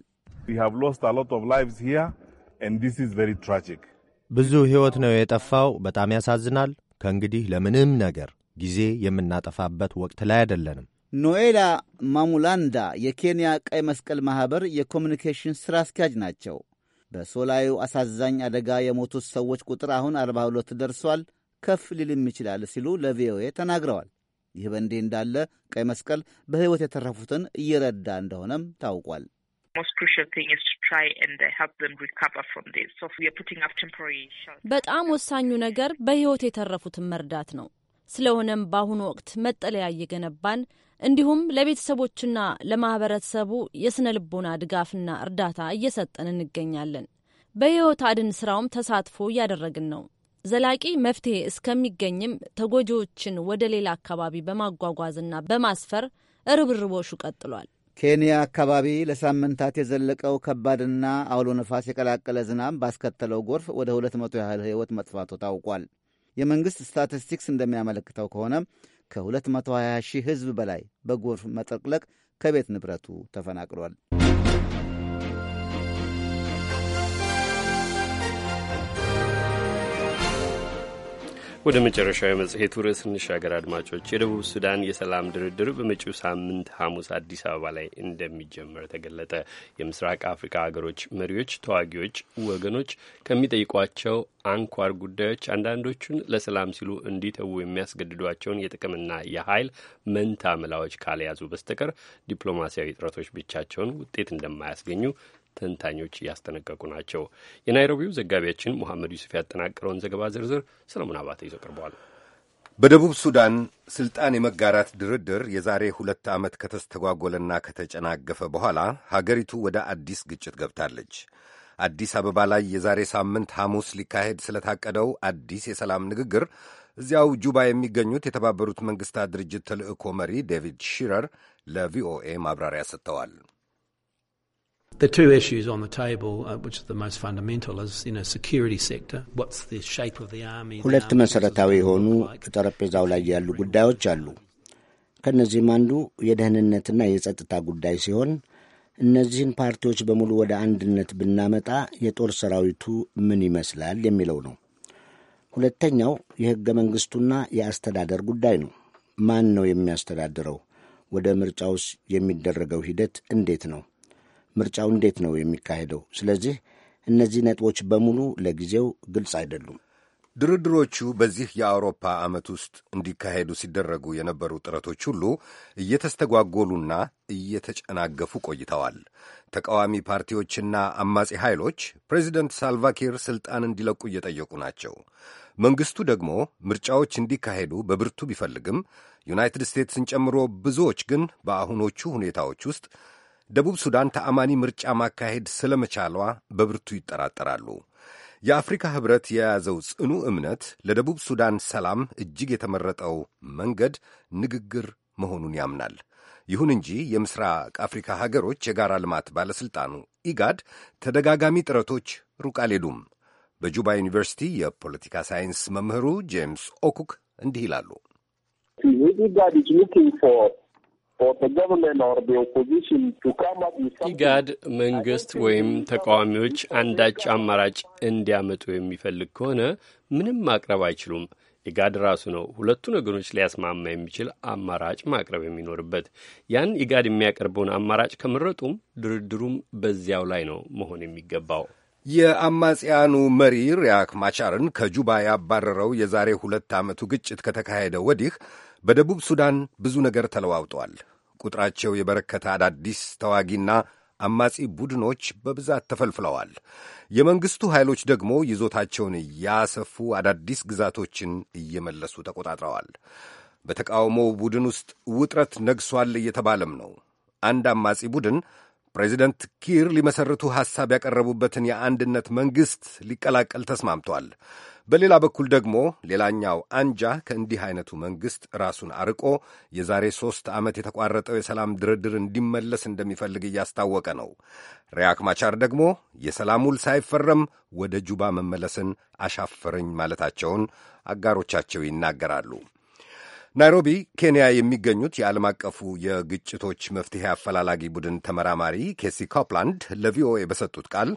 ብዙ ሕይወት ነው የጠፋው። በጣም ያሳዝናል። ከእንግዲህ ለምንም ነገር ጊዜ የምናጠፋበት ወቅት ላይ አይደለንም። ኖኤላ ማሙላንዳ የኬንያ ቀይ መስቀል ማኅበር የኮሚኒኬሽን ሥራ አስኪያጅ ናቸው። በሶላዩ አሳዛኝ አደጋ የሞቱት ሰዎች ቁጥር አሁን 42 ደርሷል፣ ከፍ ሊልም ይችላል ሲሉ ለቪኦኤ ተናግረዋል። ይህ በእንዲህ እንዳለ ቀይ መስቀል በሕይወት የተረፉትን እየረዳ እንደሆነም ታውቋል። በጣም ወሳኙ ነገር በሕይወት የተረፉትን መርዳት ነው። ስለሆነም በአሁኑ ወቅት መጠለያ እየገነባን እንዲሁም ለቤተሰቦችና ለማህበረሰቡ የስነ ልቦና ድጋፍና እርዳታ እየሰጠን እንገኛለን። በሕይወት አድን ስራውም ተሳትፎ እያደረግን ነው። ዘላቂ መፍትሄ እስከሚገኝም ተጎጂዎችን ወደ ሌላ አካባቢ በማጓጓዝና በማስፈር እርብርቦሹ ቀጥሏል። ኬንያ አካባቢ ለሳምንታት የዘለቀው ከባድና አውሎ ነፋስ የቀላቀለ ዝናብ ባስከተለው ጎርፍ ወደ ሁለት መቶ ያህል ሕይወት መጥፋቱ ታውቋል። የመንግሥት ስታቲስቲክስ እንደሚያመለክተው ከሆነ ከ220 ሺህ ሕዝብ በላይ በጎርፍ መጠቅለቅ ከቤት ንብረቱ ተፈናቅሏል። ወደ መጨረሻዊ መጽሔቱ ርዕስ እንሻገር። አድማጮች፣ የደቡብ ሱዳን የሰላም ድርድር በመጪው ሳምንት ሐሙስ አዲስ አበባ ላይ እንደሚጀመር ተገለጠ። የምስራቅ አፍሪካ ሀገሮች መሪዎች፣ ተዋጊዎች ወገኖች ከሚጠይቋቸው አንኳር ጉዳዮች አንዳንዶቹን ለሰላም ሲሉ እንዲተዉ የሚያስገድዷቸውን የጥቅምና የኃይል መንታ መላዎች ካልያዙ በስተቀር ዲፕሎማሲያዊ ጥረቶች ብቻቸውን ውጤት እንደማያስገኙ ተንታኞች እያስጠነቀቁ ናቸው። የናይሮቢው ዘጋቢያችን ሙሐመድ ዩሱፍ ያጠናቀረውን ዘገባ ዝርዝር ሰለሞን አባተ ይዞ ቀርቧል። በደቡብ ሱዳን ስልጣን የመጋራት ድርድር የዛሬ ሁለት ዓመት ከተስተጓጎለና ከተጨናገፈ በኋላ ሀገሪቱ ወደ አዲስ ግጭት ገብታለች። አዲስ አበባ ላይ የዛሬ ሳምንት ሐሙስ ሊካሄድ ስለታቀደው አዲስ የሰላም ንግግር እዚያው ጁባ የሚገኙት የተባበሩት መንግሥታት ድርጅት ተልዕኮ መሪ ዴቪድ ሺረር ለቪኦኤ ማብራሪያ ሰጥተዋል። The two issues on the table, uh, which are the most fundamental, is in a security sector. What's the shape of the army? ሁለት መሰረታዊ የሆኑ ጠረጴዛው ላይ ያሉ ጉዳዮች አሉ። ከእነዚህም አንዱ የደህንነትና የጸጥታ ጉዳይ ሲሆን እነዚህን ፓርቲዎች በሙሉ ወደ አንድነት ብናመጣ የጦር ሰራዊቱ ምን ይመስላል የሚለው ነው። ሁለተኛው የሕገ መንግሥቱና የአስተዳደር ጉዳይ ነው። ማን ነው የሚያስተዳድረው? ወደ ምርጫውስ የሚደረገው ሂደት እንዴት ነው? ምርጫው እንዴት ነው የሚካሄደው? ስለዚህ እነዚህ ነጥቦች በሙሉ ለጊዜው ግልጽ አይደሉም። ድርድሮቹ በዚህ የአውሮፓ ዓመት ውስጥ እንዲካሄዱ ሲደረጉ የነበሩ ጥረቶች ሁሉ እየተስተጓጎሉና እየተጨናገፉ ቆይተዋል። ተቃዋሚ ፓርቲዎችና አማጺ ኃይሎች ፕሬዚደንት ሳልቫኪር ሥልጣን እንዲለቁ እየጠየቁ ናቸው። መንግሥቱ ደግሞ ምርጫዎች እንዲካሄዱ በብርቱ ቢፈልግም ዩናይትድ ስቴትስን ጨምሮ ብዙዎች ግን በአሁኖቹ ሁኔታዎች ውስጥ ደቡብ ሱዳን ተአማኒ ምርጫ ማካሄድ ስለመቻሏ በብርቱ ይጠራጠራሉ። የአፍሪካ ኅብረት የያዘው ጽኑ እምነት ለደቡብ ሱዳን ሰላም እጅግ የተመረጠው መንገድ ንግግር መሆኑን ያምናል። ይሁን እንጂ የምስራቅ አፍሪካ ሀገሮች የጋራ ልማት ባለሥልጣኑ ኢጋድ ተደጋጋሚ ጥረቶች ሩቅ አልሄዱም። በጁባ ዩኒቨርሲቲ የፖለቲካ ሳይንስ መምህሩ ጄምስ ኦኩክ እንዲህ ይላሉ። ኢጋድ መንግስት ወይም ተቃዋሚዎች አንዳች አማራጭ እንዲያመጡ የሚፈልግ ከሆነ ምንም ማቅረብ አይችሉም። ኢጋድ ራሱ ነው ሁለቱ ነገሮች ሊያስማማ የሚችል አማራጭ ማቅረብ የሚኖርበት። ያን ኢጋድ የሚያቀርበውን አማራጭ ከመረጡም ድርድሩም በዚያው ላይ ነው መሆን የሚገባው። የአማጽያኑ መሪ ሪያክ ማቻርን ከጁባ ያባረረው የዛሬ ሁለት ዓመቱ ግጭት ከተካሄደ ወዲህ በደቡብ ሱዳን ብዙ ነገር ተለዋውጧል። ቁጥራቸው የበረከተ አዳዲስ ተዋጊና አማጺ ቡድኖች በብዛት ተፈልፍለዋል። የመንግሥቱ ኃይሎች ደግሞ ይዞታቸውን እያሰፉ አዳዲስ ግዛቶችን እየመለሱ ተቆጣጥረዋል። በተቃውሞው ቡድን ውስጥ ውጥረት ነግሷል እየተባለም ነው። አንድ አማጺ ቡድን ፕሬዚደንት ኪር ሊመሠርቱ ሐሳብ ያቀረቡበትን የአንድነት መንግሥት ሊቀላቀል ተስማምቷል። በሌላ በኩል ደግሞ ሌላኛው አንጃ ከእንዲህ አይነቱ መንግሥት ራሱን አርቆ የዛሬ ሦስት ዓመት የተቋረጠው የሰላም ድርድር እንዲመለስ እንደሚፈልግ እያስታወቀ ነው። ሪያክ ማቻር ደግሞ የሰላም ውል ሳይፈረም ወደ ጁባ መመለስን አሻፈረኝ ማለታቸውን አጋሮቻቸው ይናገራሉ። ናይሮቢ ኬንያ የሚገኙት የዓለም አቀፉ የግጭቶች መፍትሄ አፈላላጊ ቡድን ተመራማሪ ኬሲ ኮፕላንድ ለቪኦኤ በሰጡት ቃል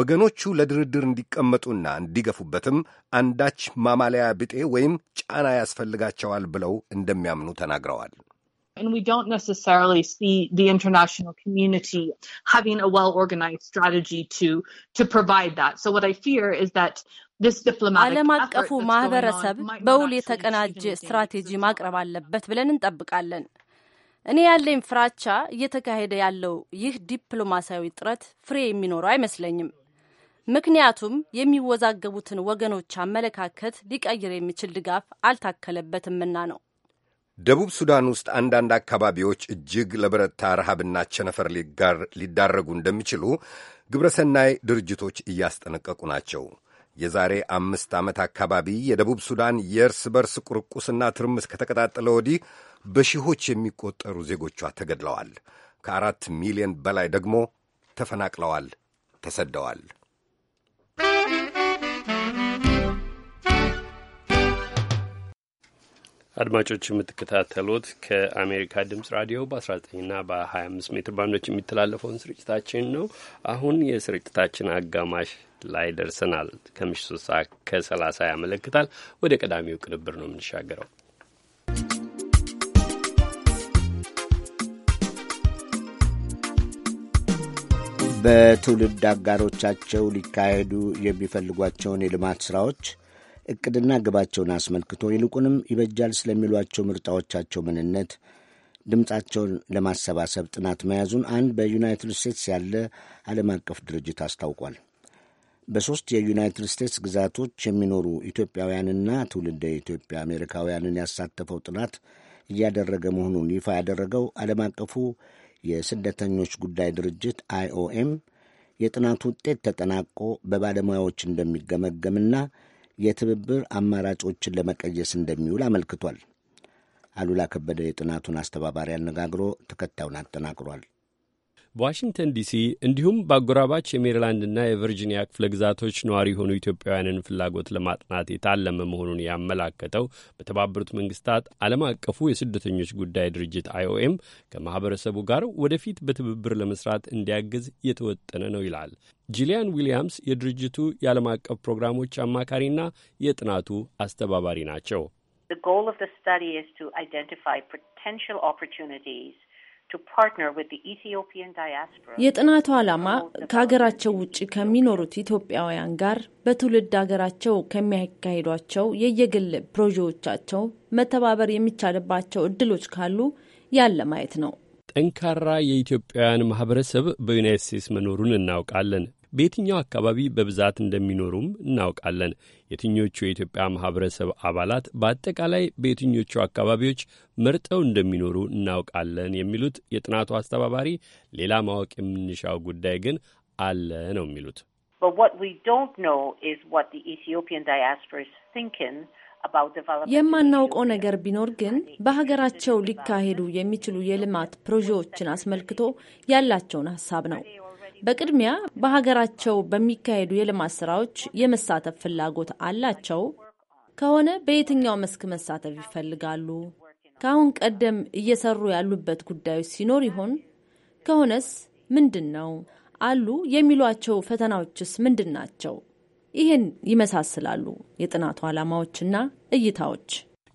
ወገኖቹ ለድርድር እንዲቀመጡና እንዲገፉበትም አንዳች ማማለያ ብጤ ወይም ጫና ያስፈልጋቸዋል ብለው እንደሚያምኑ ተናግረዋል። and we don't necessarily see the international community having a well organized strategy to to provide that. So what I fear is that ዓለም አቀፉ ማህበረሰብ በውል የተቀናጀ ስትራቴጂ ማቅረብ አለበት ብለን እንጠብቃለን። እኔ ያለኝ ፍራቻ እየተካሄደ ያለው ይህ ዲፕሎማሲያዊ ጥረት ፍሬ የሚኖረው አይመስለኝም። ምክንያቱም የሚወዛገቡትን ወገኖች አመለካከት ሊቀይር የሚችል ድጋፍ አልታከለበትምና ነው። ደቡብ ሱዳን ውስጥ አንዳንድ አካባቢዎች እጅግ ለበረታ ረሃብና ቸነፈር ሊዳረጉ እንደሚችሉ ግብረሰናይ ድርጅቶች እያስጠነቀቁ ናቸው። የዛሬ አምስት ዓመት አካባቢ የደቡብ ሱዳን የእርስ በርስ ቁርቁስና ትርምስ ከተቀጣጠለ ወዲህ በሺዎች የሚቆጠሩ ዜጎቿ ተገድለዋል። ከአራት ሚሊዮን በላይ ደግሞ ተፈናቅለዋል፣ ተሰደዋል። አድማጮች የምትከታተሉት ከአሜሪካ ድምጽ ራዲዮ በ19ና በ25 ሜትር ባንዶች የሚተላለፈውን ስርጭታችን ነው። አሁን የስርጭታችን አጋማሽ ላይ ደርሰናል። ከምሽቱ ሰዓት ከ30 ያመለክታል። ወደ ቀዳሚው ቅንብር ነው የምንሻገረው። በትውልድ አጋሮቻቸው ሊካሄዱ የሚፈልጓቸውን የልማት ስራዎች እቅድና ግባቸውን አስመልክቶ ይልቁንም ይበጃል ስለሚሏቸው ምርጫዎቻቸው ምንነት ድምፃቸውን ለማሰባሰብ ጥናት መያዙን አንድ በዩናይትድ ስቴትስ ያለ ዓለም አቀፍ ድርጅት አስታውቋል። በሦስት የዩናይትድ ስቴትስ ግዛቶች የሚኖሩ ኢትዮጵያውያንና ትውልደ ኢትዮጵያ አሜሪካውያንን ያሳተፈው ጥናት እያደረገ መሆኑን ይፋ ያደረገው ዓለም አቀፉ የስደተኞች ጉዳይ ድርጅት አይኦኤም የጥናቱ ውጤት ተጠናቆ በባለሙያዎች እንደሚገመገምና የትብብር አማራጮችን ለመቀየስ እንደሚውል አመልክቷል። አሉላ ከበደ የጥናቱን አስተባባሪ አነጋግሮ ተከታዩን አጠናቅሯል። ዋሽንግተን ዲሲ እንዲሁም በአጎራባች የሜሪላንድና የቨርጂኒያ ክፍለ ግዛቶች ነዋሪ የሆኑ ኢትዮጵያውያንን ፍላጎት ለማጥናት የታለመ መሆኑን ያመላከተው በተባበሩት መንግስታት ዓለም አቀፉ የስደተኞች ጉዳይ ድርጅት አይኦኤም ከማህበረሰቡ ጋር ወደፊት በትብብር ለመስራት እንዲያግዝ የተወጠነ ነው ይላል። ጂሊያን ዊሊያምስ የድርጅቱ የዓለም አቀፍ ፕሮግራሞች አማካሪና የጥናቱ አስተባባሪ ናቸው። The goal of the study is to identify potential opportunities የጥናቱ ዓላማ ከሀገራቸው ውጭ ከሚኖሩት ኢትዮጵያውያን ጋር በትውልድ ሀገራቸው ከሚያካሂዷቸው የየግል ፕሮጀክቶቻቸው መተባበር የሚቻልባቸው እድሎች ካሉ ያለ ማየት ነው። ጠንካራ የኢትዮጵያውያን ማህበረሰብ በዩናይት ስቴትስ መኖሩን እናውቃለን። በየትኛው አካባቢ በብዛት እንደሚኖሩም እናውቃለን። የትኞቹ የኢትዮጵያ ማኅበረሰብ አባላት በአጠቃላይ በየትኞቹ አካባቢዎች መርጠው እንደሚኖሩ እናውቃለን የሚሉት የጥናቱ አስተባባሪ፣ ሌላ ማወቅ የምንሻው ጉዳይ ግን አለ ነው የሚሉት የማናውቀው ነገር ቢኖር ግን በሀገራቸው ሊካሄዱ የሚችሉ የልማት ፕሮጀዎችን አስመልክቶ ያላቸውን ሀሳብ ነው። በቅድሚያ በሀገራቸው በሚካሄዱ የልማት ስራዎች የመሳተፍ ፍላጎት አላቸው ከሆነ በየትኛው መስክ መሳተፍ ይፈልጋሉ? ከአሁን ቀደም እየሰሩ ያሉበት ጉዳዮች ሲኖር ይሆን? ከሆነስ ምንድን ነው አሉ የሚሏቸው ፈተናዎችስ ምንድን ናቸው? ይህን ይመሳስላሉ የጥናቱ ዓላማዎችና እይታዎች።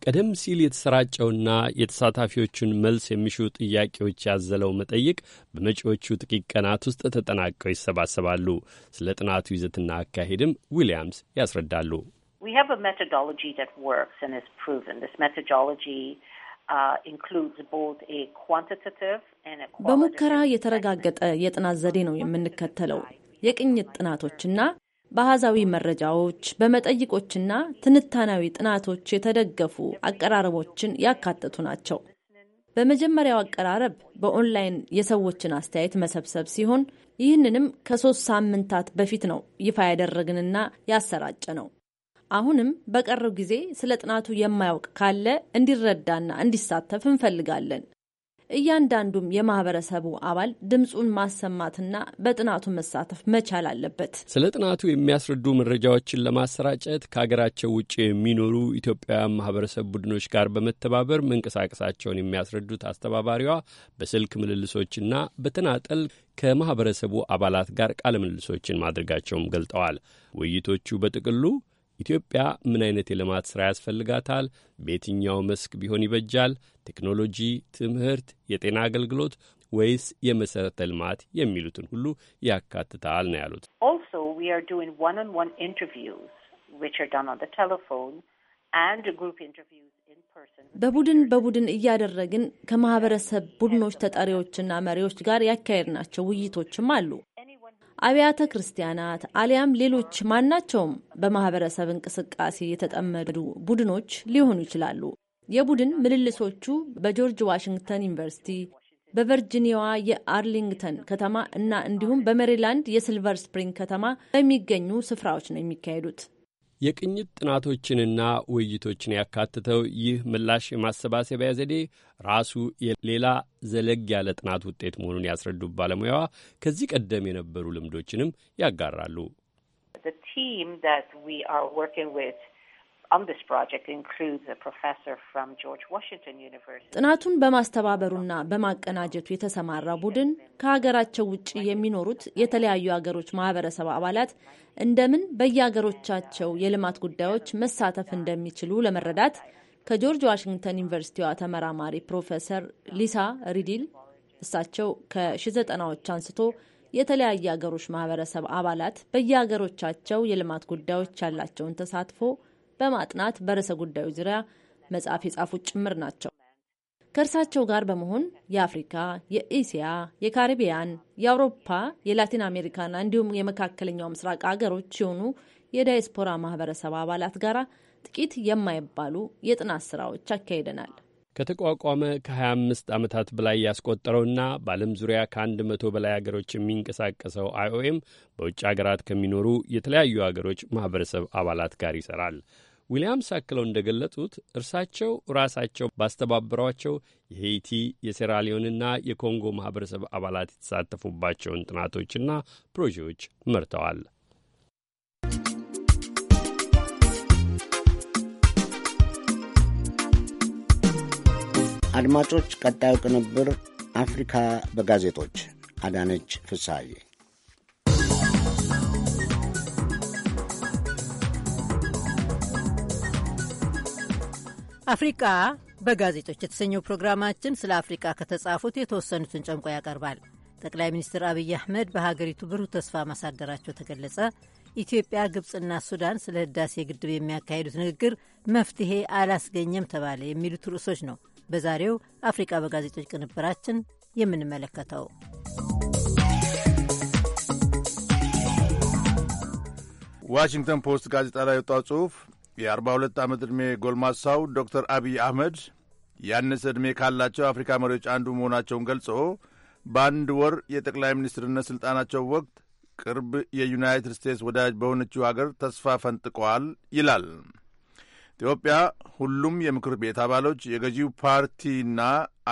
ቀደም ሲል የተሰራጨውና የተሳታፊዎቹን መልስ የሚሹ ጥያቄዎች ያዘለው መጠይቅ በመጪዎቹ ጥቂት ቀናት ውስጥ ተጠናቀው ይሰባሰባሉ። ስለ ጥናቱ ይዘትና አካሄድም ዊሊያምስ ያስረዳሉ። በሙከራ የተረጋገጠ የጥናት ዘዴ ነው የምንከተለው። የቅኝት ጥናቶችና በአሃዛዊ መረጃዎች በመጠይቆችና ትንታናዊ ጥናቶች የተደገፉ አቀራረቦችን ያካተቱ ናቸው። በመጀመሪያው አቀራረብ በኦንላይን የሰዎችን አስተያየት መሰብሰብ ሲሆን ይህንንም ከሶስት ሳምንታት በፊት ነው ይፋ ያደረግንና ያሰራጨ ነው። አሁንም በቀረው ጊዜ ስለ ጥናቱ የማያውቅ ካለ እንዲረዳና እንዲሳተፍ እንፈልጋለን። እያንዳንዱም የማህበረሰቡ አባል ድምፁን ማሰማትና በጥናቱ መሳተፍ መቻል አለበት። ስለ ጥናቱ የሚያስረዱ መረጃዎችን ለማሰራጨት ከሀገራቸው ውጭ የሚኖሩ ኢትዮጵያውያን ማህበረሰብ ቡድኖች ጋር በመተባበር መንቀሳቀሳቸውን የሚያስረዱት አስተባባሪዋ በስልክ ምልልሶችና በተናጠል ከማህበረሰቡ አባላት ጋር ቃለ ምልልሶችን ማድረጋቸውም ገልጠዋል። ውይይቶቹ በጥቅሉ ኢትዮጵያ ምን አይነት የልማት ሥራ ያስፈልጋታል? በየትኛው መስክ ቢሆን ይበጃል? ቴክኖሎጂ፣ ትምህርት፣ የጤና አገልግሎት ወይስ የመሠረተ ልማት የሚሉትን ሁሉ ያካትታል ነው ያሉት። በቡድን በቡድን እያደረግን ከማህበረሰብ ቡድኖች ተጠሪዎችና መሪዎች ጋር ያካሄድናቸው ውይይቶችም አሉ። አብያተ ክርስቲያናት አሊያም ሌሎች ማናቸውም በማህበረሰብ እንቅስቃሴ የተጠመዱ ቡድኖች ሊሆኑ ይችላሉ። የቡድን ምልልሶቹ በጆርጅ ዋሽንግተን ዩኒቨርሲቲ፣ በቨርጂኒያዋ የአርሊንግተን ከተማ እና እንዲሁም በሜሪላንድ የሲልቨር ስፕሪንግ ከተማ በሚገኙ ስፍራዎች ነው የሚካሄዱት። የቅኝት ጥናቶችንና ውይይቶችን ያካትተው ይህ ምላሽ የማሰባሰቢያ ዘዴ ራሱ ሌላ ዘለግ ያለ ጥናት ውጤት መሆኑን ያስረዱ ባለሙያዋ ከዚህ ቀደም የነበሩ ልምዶችንም ያጋራሉ። ጥናቱን በማስተባበሩና በማቀናጀቱ የተሰማራ ቡድን ከሀገራቸው ውጭ የሚኖሩት የተለያዩ ሀገሮች ማህበረሰብ አባላት እንደምን በየሀገሮቻቸው የልማት ጉዳዮች መሳተፍ እንደሚችሉ ለመረዳት ከጆርጅ ዋሽንግተን ዩኒቨርሲቲዋ ተመራማሪ ፕሮፌሰር ሊሳ ሪዲል እሳቸው ከ1990ዎች አንስቶ የተለያየ ሀገሮች ማህበረሰብ አባላት በየሀገሮቻቸው የልማት ጉዳዮች ያላቸውን ተሳትፎ በማጥናት በርዕሰ ጉዳዩ ዙሪያ መጽሐፍ የጻፉት ጭምር ናቸው። ከእርሳቸው ጋር በመሆን የአፍሪካ፣ የኢስያ፣ የካሪቢያን፣ የአውሮፓ፣ የላቲን አሜሪካና እንዲሁም የመካከለኛው ምስራቅ አገሮች የሆኑ የዳያስፖራ ማህበረሰብ አባላት ጋር ጥቂት የማይባሉ የጥናት ስራዎች አካሂደናል። ከተቋቋመ ከ25 ዓመታት በላይ ያስቆጠረውና በዓለም ዙሪያ ከ100 በላይ አገሮች የሚንቀሳቀሰው አይኦኤም በውጭ አገራት ከሚኖሩ የተለያዩ አገሮች ማህበረሰብ አባላት ጋር ይሰራል። ዊልያምስ አክለው እንደ ገለጡት እርሳቸው ራሳቸው ባስተባበሯቸው የሄይቲ የሴራሊዮንና የኮንጎ ማኅበረሰብ አባላት የተሳተፉባቸውን ጥናቶችና ፕሮጀዎች መርተዋል። አድማጮች፣ ቀጣዩ ቅንብር አፍሪካ በጋዜጦች አዳነች ፍሳዬ አፍሪቃ በጋዜጦች የተሰኘው ፕሮግራማችን ስለ አፍሪቃ ከተጻፉት የተወሰኑትን ጨምቆ ያቀርባል። ጠቅላይ ሚኒስትር አብይ አህመድ በሀገሪቱ ብሩህ ተስፋ ማሳደራቸው ተገለጸ። ኢትዮጵያ፣ ግብፅና ሱዳን ስለ ህዳሴ ግድብ የሚያካሄዱት ንግግር መፍትሄ አላስገኘም ተባለ የሚሉት ርዕሶች ነው በዛሬው አፍሪቃ በጋዜጦች ቅንብራችን የምንመለከተው። ዋሽንግተን ፖስት ጋዜጣ ላይ የወጣው ጽሁፍ። የ42 ዓመት ዕድሜ ጎልማሳው ዶክተር አብይ አህመድ ያነሰ ዕድሜ ካላቸው አፍሪካ መሪዎች አንዱ መሆናቸውን ገልጾ በአንድ ወር የጠቅላይ ሚኒስትርነት ሥልጣናቸው ወቅት ቅርብ የዩናይትድ ስቴትስ ወዳጅ በሆነችው አገር ተስፋ ፈንጥቀዋል ይላል። ኢትዮጵያ ሁሉም የምክር ቤት አባሎች የገዢው ፓርቲና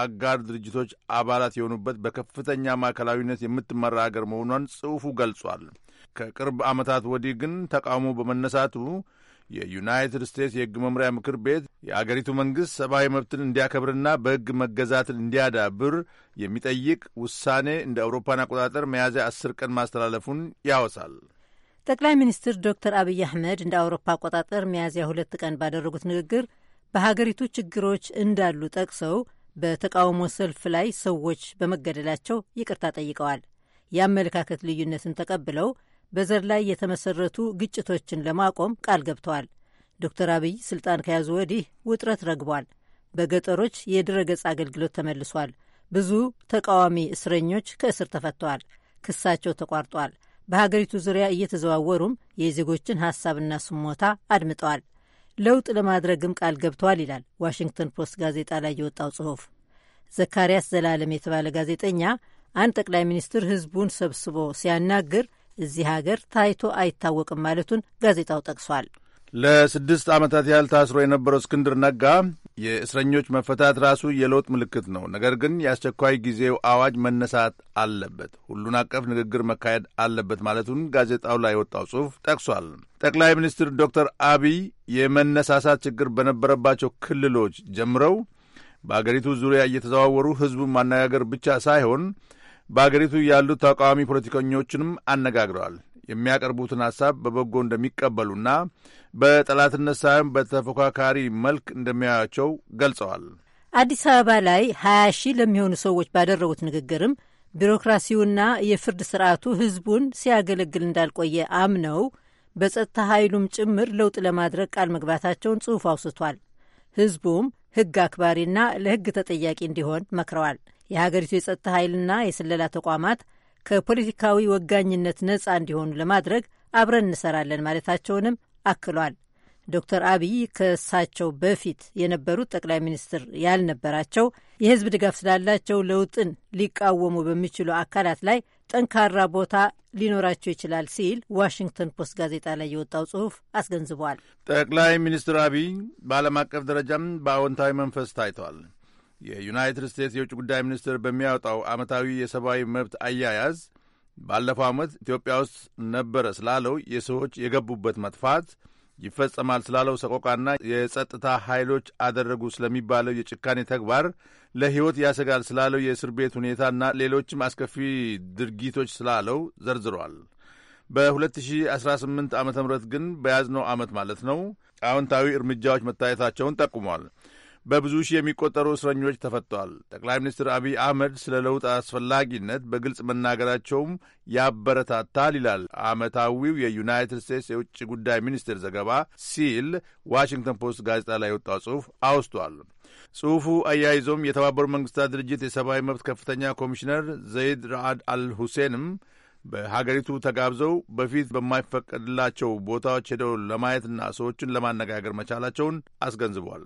አጋር ድርጅቶች አባላት የሆኑበት በከፍተኛ ማዕከላዊነት የምትመራ አገር መሆኗን ጽሑፉ ገልጿል። ከቅርብ ዓመታት ወዲህ ግን ተቃውሞ በመነሳቱ የዩናይትድ ስቴትስ የሕግ መምሪያ ምክር ቤት የአገሪቱ መንግሥት ሰብአዊ መብትን እንዲያከብርና በሕግ መገዛትን እንዲያዳብር የሚጠይቅ ውሳኔ እንደ አውሮፓን አቆጣጠር ሚያዝያ አስር ቀን ማስተላለፉን ያወሳል። ጠቅላይ ሚኒስትር ዶክተር አብይ አሕመድ እንደ አውሮፓ አቆጣጠር ሚያዝያ ሁለት ቀን ባደረጉት ንግግር በሀገሪቱ ችግሮች እንዳሉ ጠቅሰው በተቃውሞ ሰልፍ ላይ ሰዎች በመገደላቸው ይቅርታ ጠይቀዋል። የአመለካከት ልዩነትን ተቀብለው በዘር ላይ የተመሰረቱ ግጭቶችን ለማቆም ቃል ገብተዋል። ዶክተር አብይ ስልጣን ከያዙ ወዲህ ውጥረት ረግቧል። በገጠሮች የድረገጽ አገልግሎት ተመልሷል። ብዙ ተቃዋሚ እስረኞች ከእስር ተፈተዋል። ክሳቸው ተቋርጧል። በሀገሪቱ ዙሪያ እየተዘዋወሩም የዜጎችን ሀሳብና ስሞታ አድምጠዋል። ለውጥ ለማድረግም ቃል ገብተዋል ይላል ዋሽንግተን ፖስት ጋዜጣ ላይ የወጣው ጽሑፍ። ዘካርያስ ዘላለም የተባለ ጋዜጠኛ አንድ ጠቅላይ ሚኒስትር ህዝቡን ሰብስቦ ሲያናግር እዚህ ሀገር ታይቶ አይታወቅም ማለቱን ጋዜጣው ጠቅሷል። ለስድስት ዓመታት ያህል ታስሮ የነበረው እስክንድር ነጋ የእስረኞች መፈታት ራሱ የለውጥ ምልክት ነው። ነገር ግን የአስቸኳይ ጊዜው አዋጅ መነሳት አለበት፣ ሁሉን አቀፍ ንግግር መካሄድ አለበት ማለቱን ጋዜጣው ላይ የወጣው ጽሑፍ ጠቅሷል። ጠቅላይ ሚኒስትር ዶክተር አብይ የመነሳሳት ችግር በነበረባቸው ክልሎች ጀምረው በአገሪቱ ዙሪያ እየተዘዋወሩ ሕዝቡን ማነጋገር ብቻ ሳይሆን በአገሪቱ ያሉት ተቃዋሚ ፖለቲከኞችንም አነጋግረዋል። የሚያቀርቡትን ሐሳብ በበጎ እንደሚቀበሉና በጠላትነት ሳይሆን በተፎካካሪ መልክ እንደሚያያቸው ገልጸዋል። አዲስ አበባ ላይ 20 ሺህ ለሚሆኑ ሰዎች ባደረጉት ንግግርም ቢሮክራሲውና የፍርድ ስርዓቱ ህዝቡን ሲያገለግል እንዳልቆየ አምነው በጸጥታ ኃይሉም ጭምር ለውጥ ለማድረግ ቃል መግባታቸውን ጽሑፍ አውስቷል። ህዝቡም ህግ አክባሪና ለህግ ተጠያቂ እንዲሆን መክረዋል። የሀገሪቱ የጸጥታ ኃይልና የስለላ ተቋማት ከፖለቲካዊ ወጋኝነት ነጻ እንዲሆኑ ለማድረግ አብረን እንሰራለን ማለታቸውንም አክሏል። ዶክተር አብይ ከእሳቸው በፊት የነበሩት ጠቅላይ ሚኒስትር ያልነበራቸው የህዝብ ድጋፍ ስላላቸው ለውጥን ሊቃወሙ በሚችሉ አካላት ላይ ጠንካራ ቦታ ሊኖራቸው ይችላል ሲል ዋሽንግተን ፖስት ጋዜጣ ላይ የወጣው ጽሑፍ አስገንዝቧል። ጠቅላይ ሚኒስትር አብይ በዓለም አቀፍ ደረጃም በአዎንታዊ መንፈስ ታይተዋል። የዩናይትድ ስቴትስ የውጭ ጉዳይ ሚኒስቴር በሚያወጣው ዓመታዊ የሰብአዊ መብት አያያዝ ባለፈው ዓመት ኢትዮጵያ ውስጥ ነበረ ስላለው የሰዎች የገቡበት መጥፋት ይፈጸማል ስላለው ሰቆቃና የጸጥታ ኃይሎች አደረጉ ስለሚባለው የጭካኔ ተግባር ለሕይወት ያሰጋል ስላለው የእስር ቤት ሁኔታና ሌሎችም አስከፊ ድርጊቶች ስላለው ዘርዝሯል። በ2018 ዓ ም ግን በያዝነው ዓመት ማለት ነው አዎንታዊ እርምጃዎች መታየታቸውን ጠቁሟል። በብዙ ሺህ የሚቆጠሩ እስረኞች ተፈተዋል። ጠቅላይ ሚኒስትር አብይ አህመድ ስለ ለውጥ አስፈላጊነት በግልጽ መናገራቸውም ያበረታታል ይላል ዓመታዊው የዩናይትድ ስቴትስ የውጭ ጉዳይ ሚኒስቴር ዘገባ ሲል ዋሽንግተን ፖስት ጋዜጣ ላይ የወጣው ጽሑፍ አውስቷል። ጽሑፉ አያይዞም የተባበሩት መንግስታት ድርጅት የሰብአዊ መብት ከፍተኛ ኮሚሽነር ዘይድ ራአድ አል ሁሴንም በሀገሪቱ ተጋብዘው በፊት በማይፈቀድላቸው ቦታዎች ሄደው ለማየትና ሰዎችን ለማነጋገር መቻላቸውን አስገንዝቧል።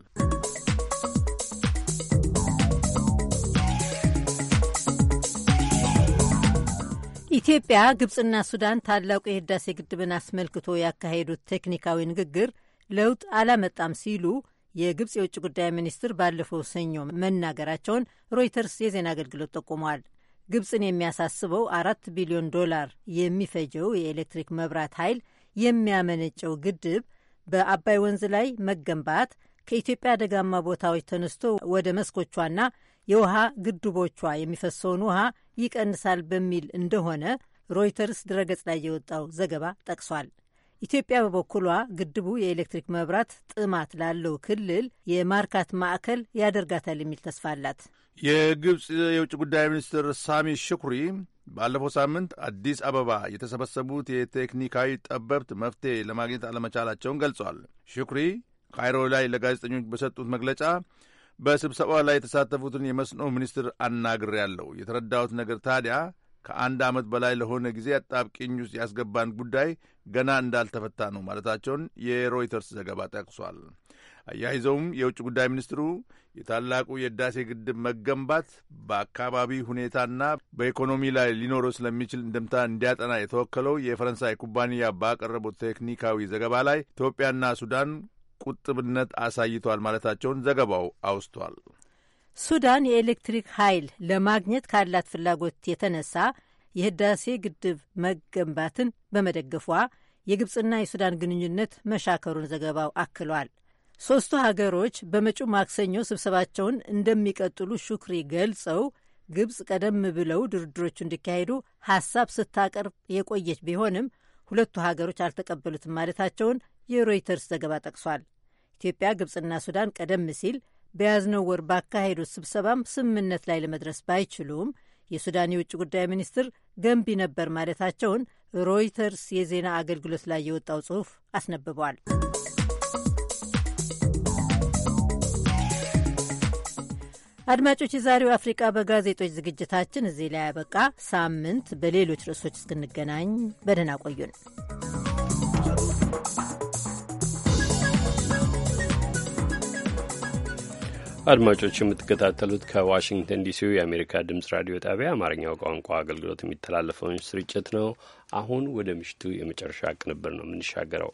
ኢትዮጵያ፣ ግብፅና ሱዳን ታላቁ የህዳሴ ግድብን አስመልክቶ ያካሄዱት ቴክኒካዊ ንግግር ለውጥ አላመጣም ሲሉ የግብፅ የውጭ ጉዳይ ሚኒስትር ባለፈው ሰኞ መናገራቸውን ሮይተርስ የዜና አገልግሎት ጠቁሟል። ግብፅን የሚያሳስበው አራት ቢሊዮን ዶላር የሚፈጀው የኤሌክትሪክ መብራት ኃይል የሚያመነጨው ግድብ በአባይ ወንዝ ላይ መገንባት ከኢትዮጵያ ደጋማ ቦታዎች ተነስቶ ወደ መስኮቿና የውሃ ግድቦቿ የሚፈሰውን ውሃ ይቀንሳል በሚል እንደሆነ ሮይተርስ ድረገጽ ላይ የወጣው ዘገባ ጠቅሷል። ኢትዮጵያ በበኩሏ ግድቡ የኤሌክትሪክ መብራት ጥማት ላለው ክልል የማርካት ማዕከል ያደርጋታል የሚል ተስፋ አላት። የግብፅ የውጭ ጉዳይ ሚኒስትር ሳሚ ሽኩሪ ባለፈው ሳምንት አዲስ አበባ የተሰበሰቡት የቴክኒካዊ ጠበብት መፍትሄ ለማግኘት አለመቻላቸውን ገልጿል። ሽኩሪ ካይሮ ላይ ለጋዜጠኞች በሰጡት መግለጫ በስብሰባ ላይ የተሳተፉትን የመስኖ ሚኒስትር አናግሬያለሁ። የተረዳሁት ነገር ታዲያ ከአንድ ዓመት በላይ ለሆነ ጊዜ አጣብቂኝ ውስጥ ያስገባን ጉዳይ ገና እንዳልተፈታ ነው ማለታቸውን የሮይተርስ ዘገባ ጠቅሷል። አያይዘውም የውጭ ጉዳይ ሚኒስትሩ የታላቁ የዳሴ ግድብ መገንባት በአካባቢ ሁኔታና በኢኮኖሚ ላይ ሊኖረው ስለሚችል እንደምታ እንዲያጠና የተወከለው የፈረንሳይ ኩባንያ ባቀረቡት ቴክኒካዊ ዘገባ ላይ ኢትዮጵያና ሱዳን ቁጥብነት አሳይቷል ማለታቸውን ዘገባው አውስቷል። ሱዳን የኤሌክትሪክ ኃይል ለማግኘት ካላት ፍላጎት የተነሳ የህዳሴ ግድብ መገንባትን በመደገፏ የግብፅና የሱዳን ግንኙነት መሻከሩን ዘገባው አክሏል። ሦስቱ ሀገሮች በመጪው ማክሰኞ ስብሰባቸውን እንደሚቀጥሉ ሹክሪ ገልጸው ግብፅ ቀደም ብለው ድርድሮቹ እንዲካሄዱ ሐሳብ ስታቀርብ የቆየች ቢሆንም ሁለቱ ሀገሮች አልተቀበሉትም ማለታቸውን የሮይተርስ ዘገባ ጠቅሷል። ኢትዮጵያ፣ ግብጽና ሱዳን ቀደም ሲል በያዝነው ወር ባካሄዱት ስብሰባም ስምምነት ላይ ለመድረስ ባይችሉም የሱዳን የውጭ ጉዳይ ሚኒስትር ገንቢ ነበር ማለታቸውን ሮይተርስ የዜና አገልግሎት ላይ የወጣው ጽሑፍ አስነብቧል። አድማጮች፣ የዛሬው አፍሪቃ በጋዜጦች ዝግጅታችን እዚህ ላይ ያበቃ። ሳምንት በሌሎች ርዕሶች እስክንገናኝ በደህና ቆዩን። አድማጮች የምትከታተሉት ከዋሽንግተን ዲሲው የአሜሪካ ድምጽ ራዲዮ ጣቢያ አማርኛው ቋንቋ አገልግሎት የሚተላለፈውን ስርጭት ነው። አሁን ወደ ምሽቱ የመጨረሻ ቅንብር ነው የምንሻገረው።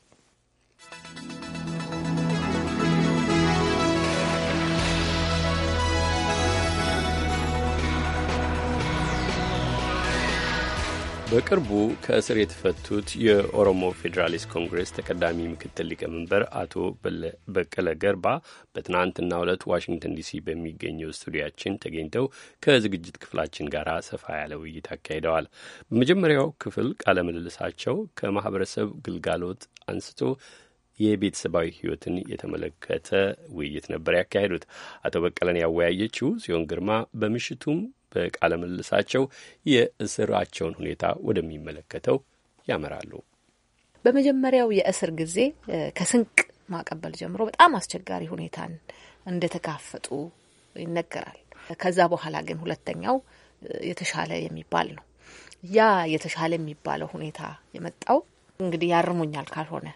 በቅርቡ ከእስር የተፈቱት የኦሮሞ ፌዴራሊስት ኮንግሬስ ተቀዳሚ ምክትል ሊቀመንበር አቶ በቀለ ገርባ በትናንትናው ዕለት ዋሽንግተን ዲሲ በሚገኘው ስቱዲያችን ተገኝተው ከዝግጅት ክፍላችን ጋር ሰፋ ያለ ውይይት አካሂደዋል። በመጀመሪያው ክፍል ቃለ ምልልሳቸው ከማህበረሰብ ግልጋሎት አንስቶ የቤተሰባዊ ሕይወትን የተመለከተ ውይይት ነበር ያካሄዱት። አቶ በቀለን ያወያየችው ሲሆን ግርማ በምሽቱም በቃለ ምልልሳቸው የእስራቸውን ሁኔታ ወደሚመለከተው ያመራሉ። በመጀመሪያው የእስር ጊዜ ከስንቅ ማቀበል ጀምሮ በጣም አስቸጋሪ ሁኔታን እንደተጋፈጡ ይነገራል። ከዛ በኋላ ግን ሁለተኛው የተሻለ የሚባል ነው። ያ የተሻለ የሚባለው ሁኔታ የመጣው እንግዲህ ያርሙኛል ካልሆነ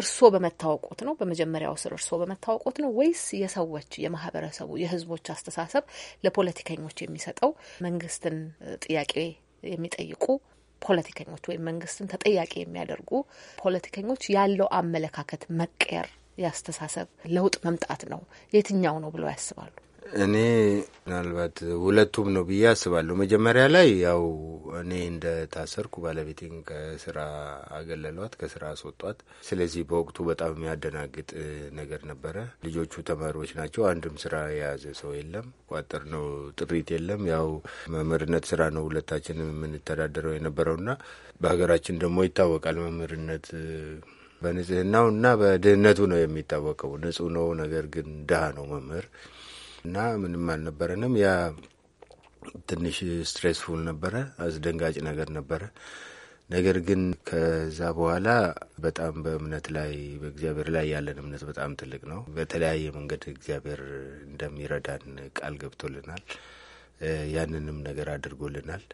እርስዎ በመታወቁት ነው? በመጀመሪያው ስር እርስዎ በመታወቁት ነው ወይስ የሰዎች የማህበረሰቡ የህዝቦች አስተሳሰብ ለፖለቲከኞች የሚሰጠው መንግስትን ጥያቄ የሚጠይቁ ፖለቲከኞች ወይም መንግስትን ተጠያቂ የሚያደርጉ ፖለቲከኞች ያለው አመለካከት መቀየር፣ የአስተሳሰብ ለውጥ መምጣት ነው? የትኛው ነው ብለው ያስባሉ? እኔ ምናልባት ሁለቱም ነው ብዬ አስባለሁ። መጀመሪያ ላይ ያው እኔ እንደ ታሰርኩ ባለቤቴን ከስራ አገለሏት፣ ከስራ አስወጧት። ስለዚህ በወቅቱ በጣም የሚያደናግጥ ነገር ነበረ። ልጆቹ ተማሪዎች ናቸው። አንድም ስራ የያዘ ሰው የለም። ቋጠር ነው ጥሪት የለም። ያው መምህርነት ስራ ነው ሁለታችን የምንተዳደረው የነበረውና በሀገራችን ደግሞ ይታወቃል መምህርነት በንጽህናው እና በድህነቱ ነው የሚታወቀው። ንጹህ ነው፣ ነገር ግን ድሃ ነው መምህር እና ምንም አልነበረንም። ያ ትንሽ ስትሬስፉል ነበረ፣ አስደንጋጭ ነገር ነበረ። ነገር ግን ከዛ በኋላ በጣም በእምነት ላይ በእግዚአብሔር ላይ ያለን እምነት በጣም ትልቅ ነው። በተለያየ መንገድ እግዚአብሔር እንደሚረዳን ቃል ገብቶልናል። ያንንም ነገር አድርጎልናል።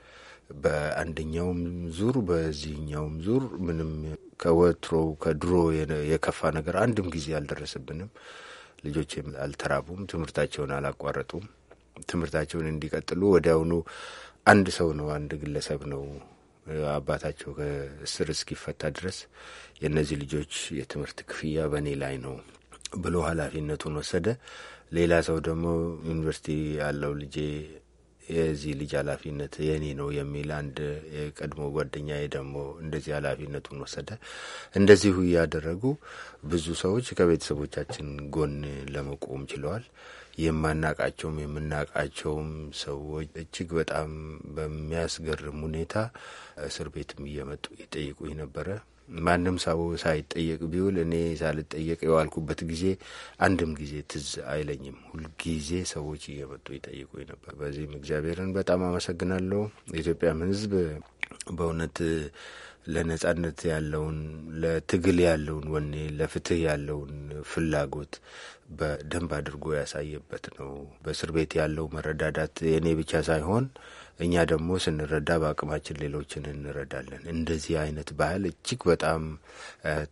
በአንደኛውም ዙር በዚህኛውም ዙር ምንም ከወትሮ ከድሮ የከፋ ነገር አንድም ጊዜ አልደረሰብንም። ልጆች አልተራቡም፣ ትምህርታቸውን አላቋረጡም። ትምህርታቸውን እንዲቀጥሉ ወዲያውኑ አንድ ሰው ነው አንድ ግለሰብ ነው አባታቸው ከእስር እስኪፈታ ድረስ የእነዚህ ልጆች የትምህርት ክፍያ በእኔ ላይ ነው ብሎ ኃላፊነቱን ወሰደ። ሌላ ሰው ደግሞ ዩኒቨርሲቲ ያለው ልጄ የዚህ ልጅ ኃላፊነት የኔ ነው የሚል አንድ የቀድሞ ጓደኛዬ ደግሞ እንደዚህ ኃላፊነቱን ወሰደ። እንደዚሁ እያደረጉ ብዙ ሰዎች ከቤተሰቦቻችን ጎን ለመቆም ችለዋል። የማናቃቸውም የምናቃቸውም ሰዎች እጅግ በጣም በሚያስገርም ሁኔታ እስር ቤትም እየመጡ ይጠይቁኝ ነበረ። ማንም ሰው ሳይጠየቅ ቢውል እኔ ሳልጠየቅ የዋልኩበት ጊዜ አንድም ጊዜ ትዝ አይለኝም። ሁልጊዜ ሰዎች እየመጡ ይጠይቁኝ ነበር። በዚህም እግዚአብሔርን በጣም አመሰግናለሁ። የኢትዮጵያም ሕዝብ በእውነት ለነጻነት ያለውን ለትግል ያለውን ወኔ ለፍትህ ያለውን ፍላጎት በደንብ አድርጎ ያሳየበት ነው። በእስር ቤት ያለው መረዳዳት የእኔ ብቻ ሳይሆን እኛ ደግሞ ስንረዳ በአቅማችን ሌሎችን እንረዳለን። እንደዚህ አይነት ባህል እጅግ በጣም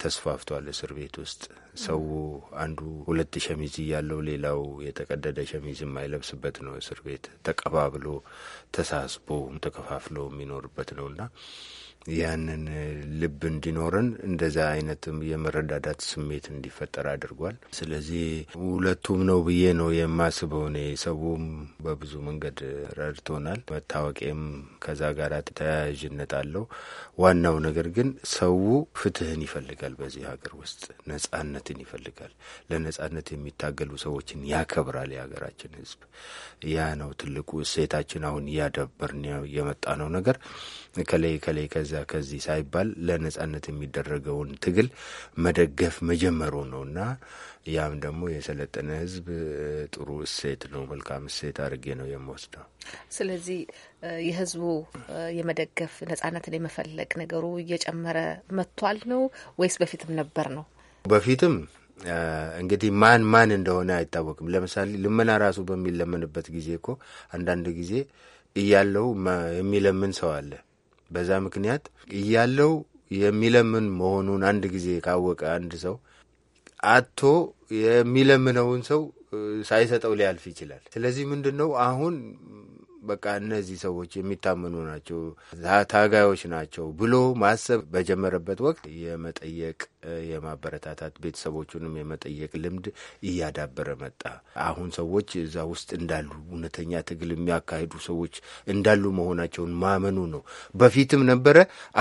ተስፋፍቷል። እስር ቤት ውስጥ ሰው አንዱ ሁለት ሸሚዝ እያለው ሌላው የተቀደደ ሸሚዝ የማይለብስበት ነው። እስር ቤት ተቀባብሎ ተሳስቦ ተከፋፍሎ የሚኖርበት ነውና ያንን ልብ እንዲኖረን እንደዛ አይነትም የመረዳዳት ስሜት እንዲፈጠር አድርጓል። ስለዚህ ሁለቱም ነው ብዬ ነው የማስበው። እኔ ሰውም በብዙ መንገድ ረድቶናል። መታወቂያም ከዛ ጋር ተያያዥነት አለው። ዋናው ነገር ግን ሰው ፍትህን ይፈልጋል። በዚህ ሀገር ውስጥ ነጻነትን ይፈልጋል። ለነጻነት የሚታገሉ ሰዎችን ያከብራል የሀገራችን ህዝብ። ያ ነው ትልቁ እሴታችን። አሁን እያዳበርን የመጣ ነው ነገር ከላይ ከላይ ከዛ ከዚህ ሳይባል ለነጻነት የሚደረገውን ትግል መደገፍ መጀመሩ ነው እና ያም ደግሞ የሰለጠነ ህዝብ ጥሩ እሴት ነው፣ መልካም እሴት አድርጌ ነው የምወስደው። ስለዚህ የህዝቡ የመደገፍ ነጻነትን የመፈለግ ነገሩ እየጨመረ መጥቷል ነው ወይስ በፊትም ነበር ነው? በፊትም እንግዲህ ማን ማን እንደሆነ አይታወቅም። ለምሳሌ ልመና ራሱ በሚለምንበት ጊዜ እኮ አንዳንድ ጊዜ እያለው የሚለምን ሰው አለ በዛ ምክንያት እያለው የሚለምን መሆኑን አንድ ጊዜ ካወቀ አንድ ሰው አቶ የሚለምነውን ሰው ሳይሰጠው ሊያልፍ ይችላል። ስለዚህ ምንድን ነው አሁን በቃ እነዚህ ሰዎች የሚታመኑ ናቸው፣ ታጋዮች ናቸው ብሎ ማሰብ በጀመረበት ወቅት የመጠየቅ የማበረታታት ቤተሰቦቹንም የመጠየቅ ልምድ እያዳበረ መጣ። አሁን ሰዎች እዛ ውስጥ እንዳሉ እውነተኛ ትግል የሚያካሂዱ ሰዎች እንዳሉ መሆናቸውን ማመኑ ነው። በፊትም ነበረ፣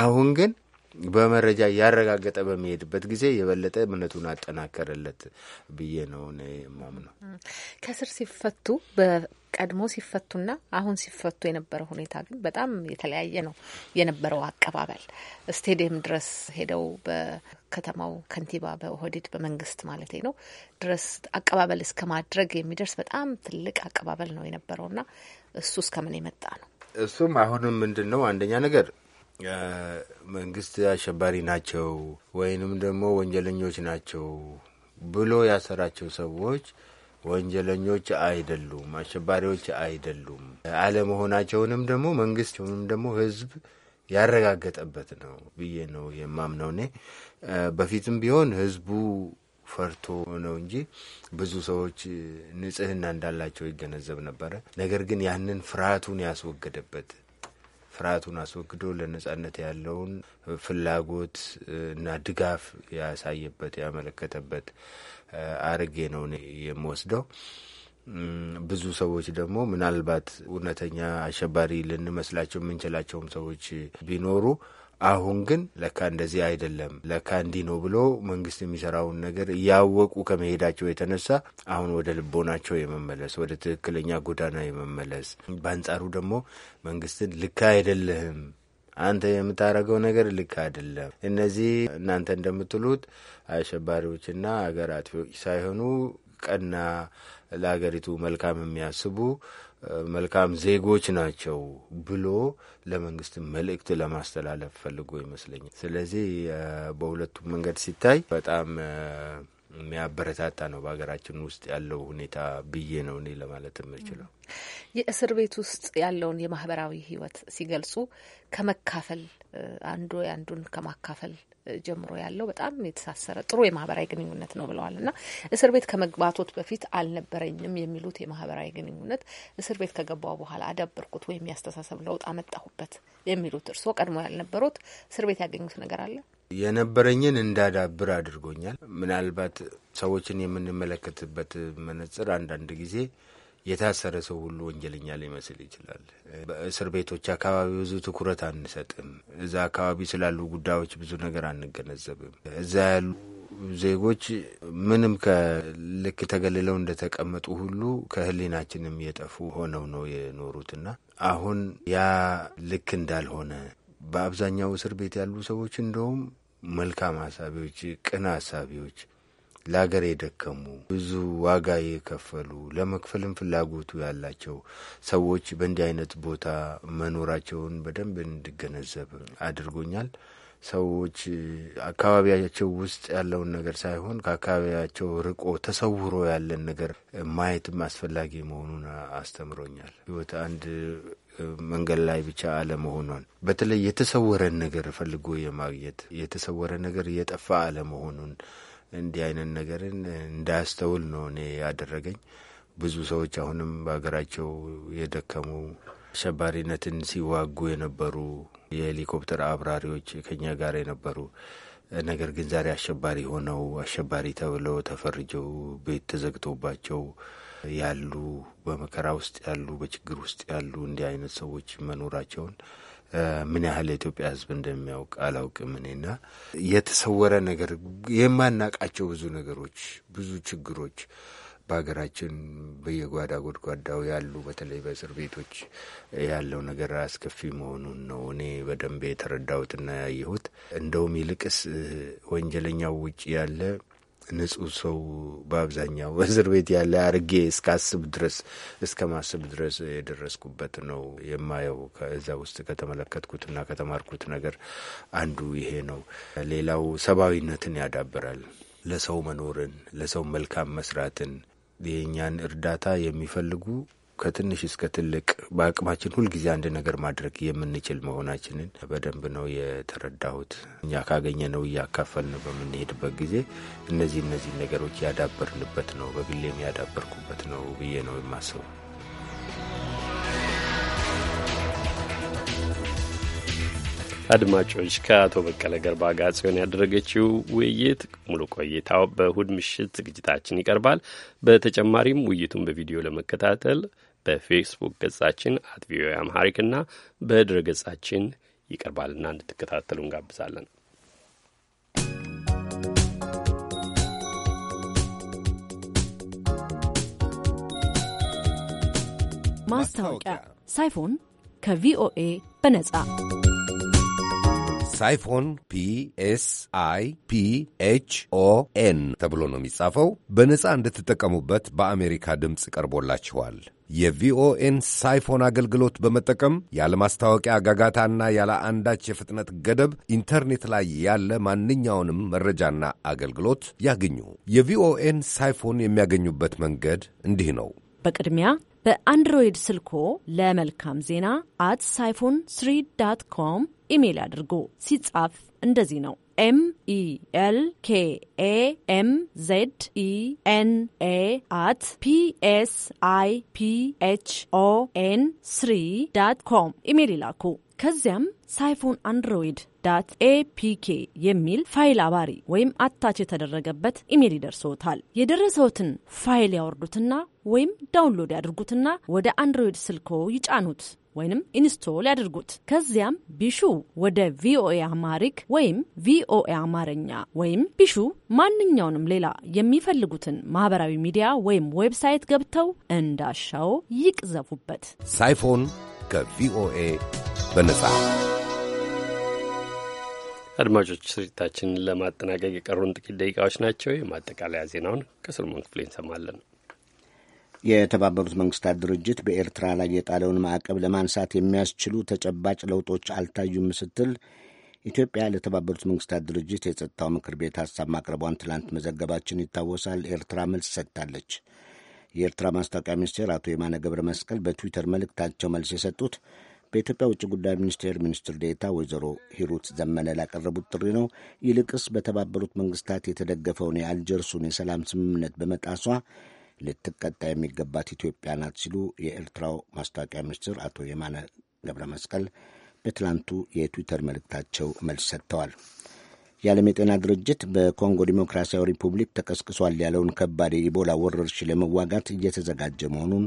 አሁን ግን በመረጃ እያረጋገጠ በሚሄድበት ጊዜ የበለጠ እምነቱን አጠናከረለት ብዬ ነው እኔ የማምነው። ሲፈቱ ቀድሞ ሲፈቱና አሁን ሲፈቱ የነበረው ሁኔታ ግን በጣም የተለያየ ነው የነበረው አቀባበል። ስቴዲየም ድረስ ሄደው በከተማው ከንቲባ በኦህዴድ በመንግስት ማለት ነው ድረስ አቀባበል እስከ ማድረግ የሚደርስ በጣም ትልቅ አቀባበል ነው የነበረውና እሱ እስከ ምን የመጣ ነው? እሱም አሁንም ምንድን ነው አንደኛ ነገር መንግስት አሸባሪ ናቸው ወይንም ደግሞ ወንጀለኞች ናቸው ብሎ ያሰራቸው ሰዎች ወንጀለኞች አይደሉም፣ አሸባሪዎች አይደሉም አለመሆናቸውንም ደግሞ መንግስት ደግሞ ህዝብ ያረጋገጠበት ነው ብዬ ነው የማምነው። እኔ በፊትም ቢሆን ህዝቡ ፈርቶ ነው እንጂ ብዙ ሰዎች ንጽህና እንዳላቸው ይገነዘብ ነበረ። ነገር ግን ያንን ፍርሃቱን ያስወገደበት ፍርሃቱን አስወግዶ ለነጻነት ያለውን ፍላጎት እና ድጋፍ ያሳየበት ያመለከተበት አርጌ ነው የምወስደው። ብዙ ሰዎች ደግሞ ምናልባት እውነተኛ አሸባሪ ልንመስላቸው የምንችላቸውም ሰዎች ቢኖሩ አሁን ግን ለካ እንደዚህ አይደለም ለካ እንዲህ ነው ብሎ መንግስት የሚሰራውን ነገር እያወቁ ከመሄዳቸው የተነሳ አሁን ወደ ልቦናቸው የመመለስ ወደ ትክክለኛ ጎዳና የመመለስ በአንጻሩ ደግሞ መንግስትን ልካ አይደለህም አንተ የምታደርገው ነገር ልክ አይደለም። እነዚህ እናንተ እንደምትሉት አሸባሪዎችና አገር አጥፊዎች ሳይሆኑ ቀና ለሀገሪቱ መልካም የሚያስቡ መልካም ዜጎች ናቸው ብሎ ለመንግስት መልእክት ለማስተላለፍ ፈልጎ ይመስለኛል። ስለዚህ በሁለቱም መንገድ ሲታይ በጣም የሚያበረታታ ነው በሀገራችን ውስጥ ያለው ሁኔታ ብዬ ነው እኔ ለማለት የምችለው። የእስር ቤት ውስጥ ያለውን የማህበራዊ ህይወት ሲገልጹ ከመካፈል አንዱ አንዱን ከማካፈል ጀምሮ ያለው በጣም የተሳሰረ ጥሩ የማህበራዊ ግንኙነት ነው ብለዋል እና እስር ቤት ከመግባቶት በፊት አልነበረኝም የሚሉት የማህበራዊ ግንኙነት እስር ቤት ከገባው በኋላ አዳበርኩት ወይም ያስተሳሰብ ለውጥ አመጣሁበት የሚሉት እርስዎ ቀድሞ ያልነበሩት እስር ቤት ያገኙት ነገር አለ? የነበረኝን እንዳዳብር አድርጎኛል። ምናልባት ሰዎችን የምንመለከትበት መነጽር አንዳንድ ጊዜ የታሰረ ሰው ሁሉ ወንጀለኛ ሊመስል ይችላል። በእስር ቤቶች አካባቢ ብዙ ትኩረት አንሰጥም። እዛ አካባቢ ስላሉ ጉዳዮች ብዙ ነገር አንገነዘብም። እዛ ያሉ ዜጎች ምንም ከልክ ተገልለው እንደተቀመጡ ሁሉ ከህሊናችንም የጠፉ ሆነው ነው የኖሩትና አሁን ያ ልክ እንዳልሆነ በአብዛኛው እስር ቤት ያሉ ሰዎች እንደውም መልካም ሀሳቢዎች፣ ቅን ሀሳቢዎች፣ ለሀገር የደከሙ ብዙ ዋጋ የከፈሉ ለመክፈልም ፍላጎቱ ያላቸው ሰዎች በእንዲህ አይነት ቦታ መኖራቸውን በደንብ እንድገነዘብ አድርጎኛል። ሰዎች አካባቢያቸው ውስጥ ያለውን ነገር ሳይሆን ከአካባቢያቸው ርቆ ተሰውሮ ያለን ነገር ማየትም አስፈላጊ መሆኑን አስተምሮኛል። ህይወት አንድ መንገድ ላይ ብቻ አለመሆኗን በተለይ የተሰወረን ነገር ፈልጎ የማግኘት የተሰወረ ነገር እየጠፋ አለመሆኑን እንዲህ አይነት ነገርን እንዳያስተውል ነው እኔ ያደረገኝ። ብዙ ሰዎች አሁንም በሀገራቸው የደከሙ አሸባሪነትን ሲዋጉ የነበሩ የሄሊኮፕተር አብራሪዎች ከኛ ጋር የነበሩ ነገር ግን ዛሬ አሸባሪ ሆነው አሸባሪ ተብለው ተፈርጀው ቤት ተዘግቶባቸው ያሉ በመከራ ውስጥ ያሉ፣ በችግር ውስጥ ያሉ እንዲህ አይነት ሰዎች መኖራቸውን ምን ያህል የኢትዮጵያ ሕዝብ እንደሚያውቅ አላውቅም። እኔና የተሰወረ ነገር የማናቃቸው ብዙ ነገሮች፣ ብዙ ችግሮች በሀገራችን በየጓዳ ጎድጓዳው ያሉ በተለይ በእስር ቤቶች ያለው ነገር አስከፊ መሆኑን ነው እኔ በደንብ የተረዳሁትና ያየሁት። እንደውም ይልቅስ ወንጀለኛው ውጭ ያለ ንጹህ ሰው በአብዛኛው እስር ቤት ያለ አርጌ እስካስብ ድረስ እስከ ማስብ ድረስ የደረስኩበት ነው የማየው። ከዛ ውስጥ ከተመለከትኩትና ከተማርኩት ነገር አንዱ ይሄ ነው። ሌላው ሰብአዊነትን ያዳብራል። ለሰው መኖርን፣ ለሰው መልካም መስራትን የእኛን እርዳታ የሚፈልጉ ከትንሽ እስከ ትልቅ በአቅማችን ሁልጊዜ አንድ ነገር ማድረግ የምንችል መሆናችንን በደንብ ነው የተረዳሁት። እኛ ካገኘ ነው እያካፈልን በምንሄድበት ጊዜ እነዚህ እነዚህ ነገሮች ያዳበርንበት ነው፣ በግሌም ያዳበርኩበት ነው ብዬ ነው የማስበው። አድማጮች ከአቶ በቀለ ገርባ ጋር ጽዮን ያደረገችው ውይይት ሙሉ ቆይታው በእሁድ ምሽት ዝግጅታችን ይቀርባል። በተጨማሪም ውይይቱን በቪዲዮ ለመከታተል በፌስቡክ ገጻችን አት ቪኦኤ አምሃሪክና በድረ ገጻችን ይቀርባልና እንድትከታተሉ እንጋብዛለን። ማስታወቂያ ሳይፎን ከቪኦኤ በነጻ ሳይፎን ፒ ኤስ አይ ፒ ኤች ኦ ኤን ተብሎ ነው የሚጻፈው። በነጻ እንድትጠቀሙበት በአሜሪካ ድምፅ ቀርቦላችኋል። የቪኦኤን ሳይፎን አገልግሎት በመጠቀም ያለ ማስታወቂያ አጋጋታና ያለ አንዳች የፍጥነት ገደብ ኢንተርኔት ላይ ያለ ማንኛውንም መረጃና አገልግሎት ያግኙ። የቪኦኤን ሳይፎን የሚያገኙበት መንገድ እንዲህ ነው። በቅድሚያ በአንድሮይድ ስልኮ ለመልካም ዜና አት ሳይፎን ስሪ ዳት ኮም ኢሜይል አድርጎ ሲጻፍ እንደዚህ ነው። ኤም ኢ ኤል ኬ ኤ ኤም ዜድ ኢ ኤን ኤ አት ፒ ኤስ አይ ፒ ኤች ኦ ኤን ስሪ ዳት ኮም ኢሜይል ይላኩ። ከዚያም ሳይፎን አንድሮይድ ዳት ኤፒኬ የሚል ፋይል አባሪ ወይም አታች የተደረገበት ኢሜል ይደርሰውታል። የደረሰውትን ፋይል ያወርዱትና ወይም ዳውንሎድ ያድርጉትና ወደ አንድሮይድ ስልኮ ይጫኑት ወይም ኢንስቶል ያድርጉት። ከዚያም ቢሹ ወደ ቪኦኤ አማሪክ ወይም ቪኦኤ አማርኛ ወይም ቢሹ ማንኛውንም ሌላ የሚፈልጉትን ማህበራዊ ሚዲያ ወይም ዌብሳይት ገብተው እንዳሻው ይቅዘፉበት። ሳይፎን ከቪኦኤ በነጻ አድማጮች ስርጭታችንን ለማጠናቀቅ የቀሩን ጥቂት ደቂቃዎች ናቸው። የማጠቃለያ ዜናውን ከሰሎሞን ክፍሌ እንሰማለን። የተባበሩት መንግስታት ድርጅት በኤርትራ ላይ የጣለውን ማዕቀብ ለማንሳት የሚያስችሉ ተጨባጭ ለውጦች አልታዩም ስትል ኢትዮጵያ ለተባበሩት መንግስታት ድርጅት የጸጥታው ምክር ቤት ሀሳብ ማቅረቧን ትላንት መዘገባችን ይታወሳል። ኤርትራ መልስ ሰጥታለች። የኤርትራ ማስታወቂያ ሚኒስቴር አቶ የማነ ገብረ መስቀል በትዊተር መልእክታቸው መልስ የሰጡት በኢትዮጵያ ውጭ ጉዳይ ሚኒስቴር ሚኒስትር ዴታ ወይዘሮ ሂሩት ዘመነ ላቀረቡት ጥሪ ነው። ይልቅስ በተባበሩት መንግስታት የተደገፈውን የአልጀርሱን የሰላም ስምምነት በመጣሷ ልትቀጣ የሚገባት ኢትዮጵያ ናት ሲሉ የኤርትራው ማስታወቂያ ሚኒስትር አቶ የማነ ገብረ መስቀል በትላንቱ የትዊተር መልእክታቸው መልስ ሰጥተዋል። የዓለም የጤና ድርጅት በኮንጎ ዲሞክራሲያዊ ሪፑብሊክ ተቀስቅሷል ያለውን ከባድ የኢቦላ ወረርሽኝ ለመዋጋት እየተዘጋጀ መሆኑን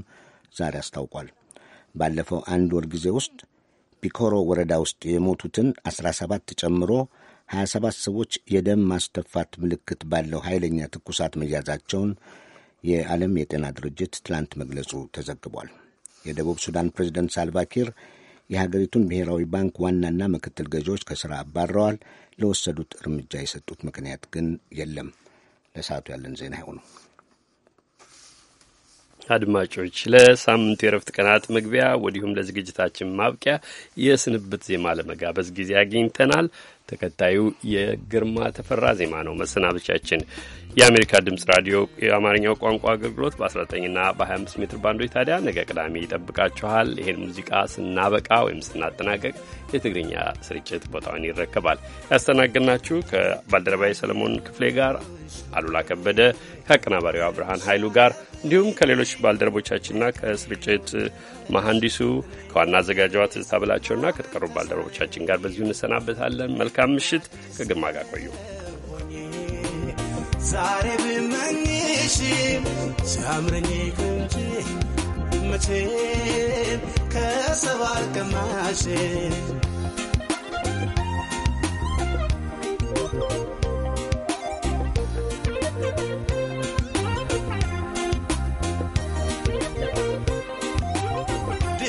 ዛሬ አስታውቋል። ባለፈው አንድ ወር ጊዜ ውስጥ ፒኮሮ ወረዳ ውስጥ የሞቱትን 17 ጨምሮ 27 ሰዎች የደም ማስተፋት ምልክት ባለው ኃይለኛ ትኩሳት መያዛቸውን የዓለም የጤና ድርጅት ትላንት መግለጹ ተዘግቧል። የደቡብ ሱዳን ፕሬዝደንት ሳልቫኪር የሀገሪቱን ብሔራዊ ባንክ ዋናና ምክትል ገዢዎች ከሥራ አባረዋል። ለወሰዱት እርምጃ የሰጡት ምክንያት ግን የለም። ለሰዓቱ ያለን ዜና ይሆኑ። አድማጮች ለሳምንቱ የእረፍት ቀናት መግቢያ ወዲሁም ለዝግጅታችን ማብቂያ የስንብት ዜማ ለመጋበዝ ጊዜ አግኝተናል። ተከታዩ የግርማ ተፈራ ዜማ ነው መሰናበቻችን። የአሜሪካ ድምፅ ራዲዮ የአማርኛው ቋንቋ አገልግሎት በ19ና በ25 ሜትር ባንዶች ታዲያ ነገ ቅዳሜ ይጠብቃችኋል። ይህን ሙዚቃ ስናበቃ ወይም ስናጠናቀቅ የትግርኛ ስርጭት ቦታውን ይረከባል። ያስተናግናችሁ ከባልደረባዊ ሰለሞን ክፍሌ ጋር አሉላ ከበደ ከአቀናባሪዋ ብርሃን ኃይሉ ጋር እንዲሁም ከሌሎች ባልደረቦቻችንና ከስርጭት መሐንዲሱ ከዋና አዘጋጇ ትዝታ ብላቸውና ከተቀሩ ባልደረቦቻችን ጋር በዚሁ እንሰናበታለን። መልካም ምሽት። ከግርማ ጋር ቆዩ። ዛሬ ብመኝሽ ሲያምረኝ መቼም ከሰባል ቀማሽ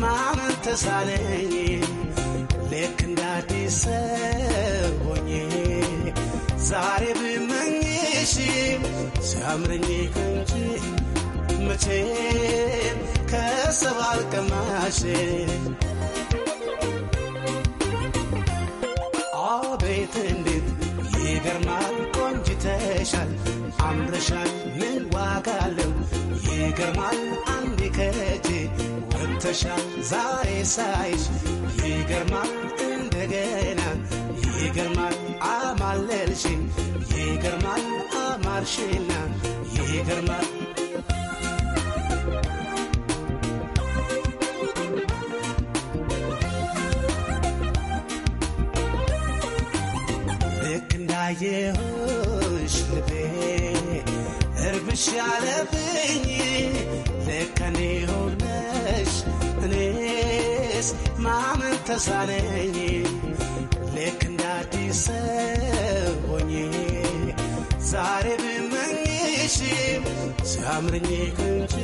ማመን ተሳለኝ ልክ እንደ አዲስ ሰው ሆኜ ዛሬ ብመኝሽ ሲያምርኝ ከንቺ መቼ ከሰው አልቀማሽ አቤት እንዴት ይገርማል ቆንጅተሻል አምረሻል ምን ዋጋ አለው ይገርማል አንድ ከቴ ሰምተሻል ዛሬ ሳይሽ ይገርማል እንደገና ይገርማል አማለልሽኝ ይገርማል አማርሽና ይገርማል ልክ ልቤ እርብሽ አለብኝ ዛሬስ ማመን ተሳነኝ ልክ እንደ አዲስ ሆኜ ዛሬ ብመኝሽ ሲያምርኝ ክንጂ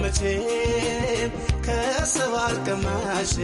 መቼም ከሰው አልቀማሽ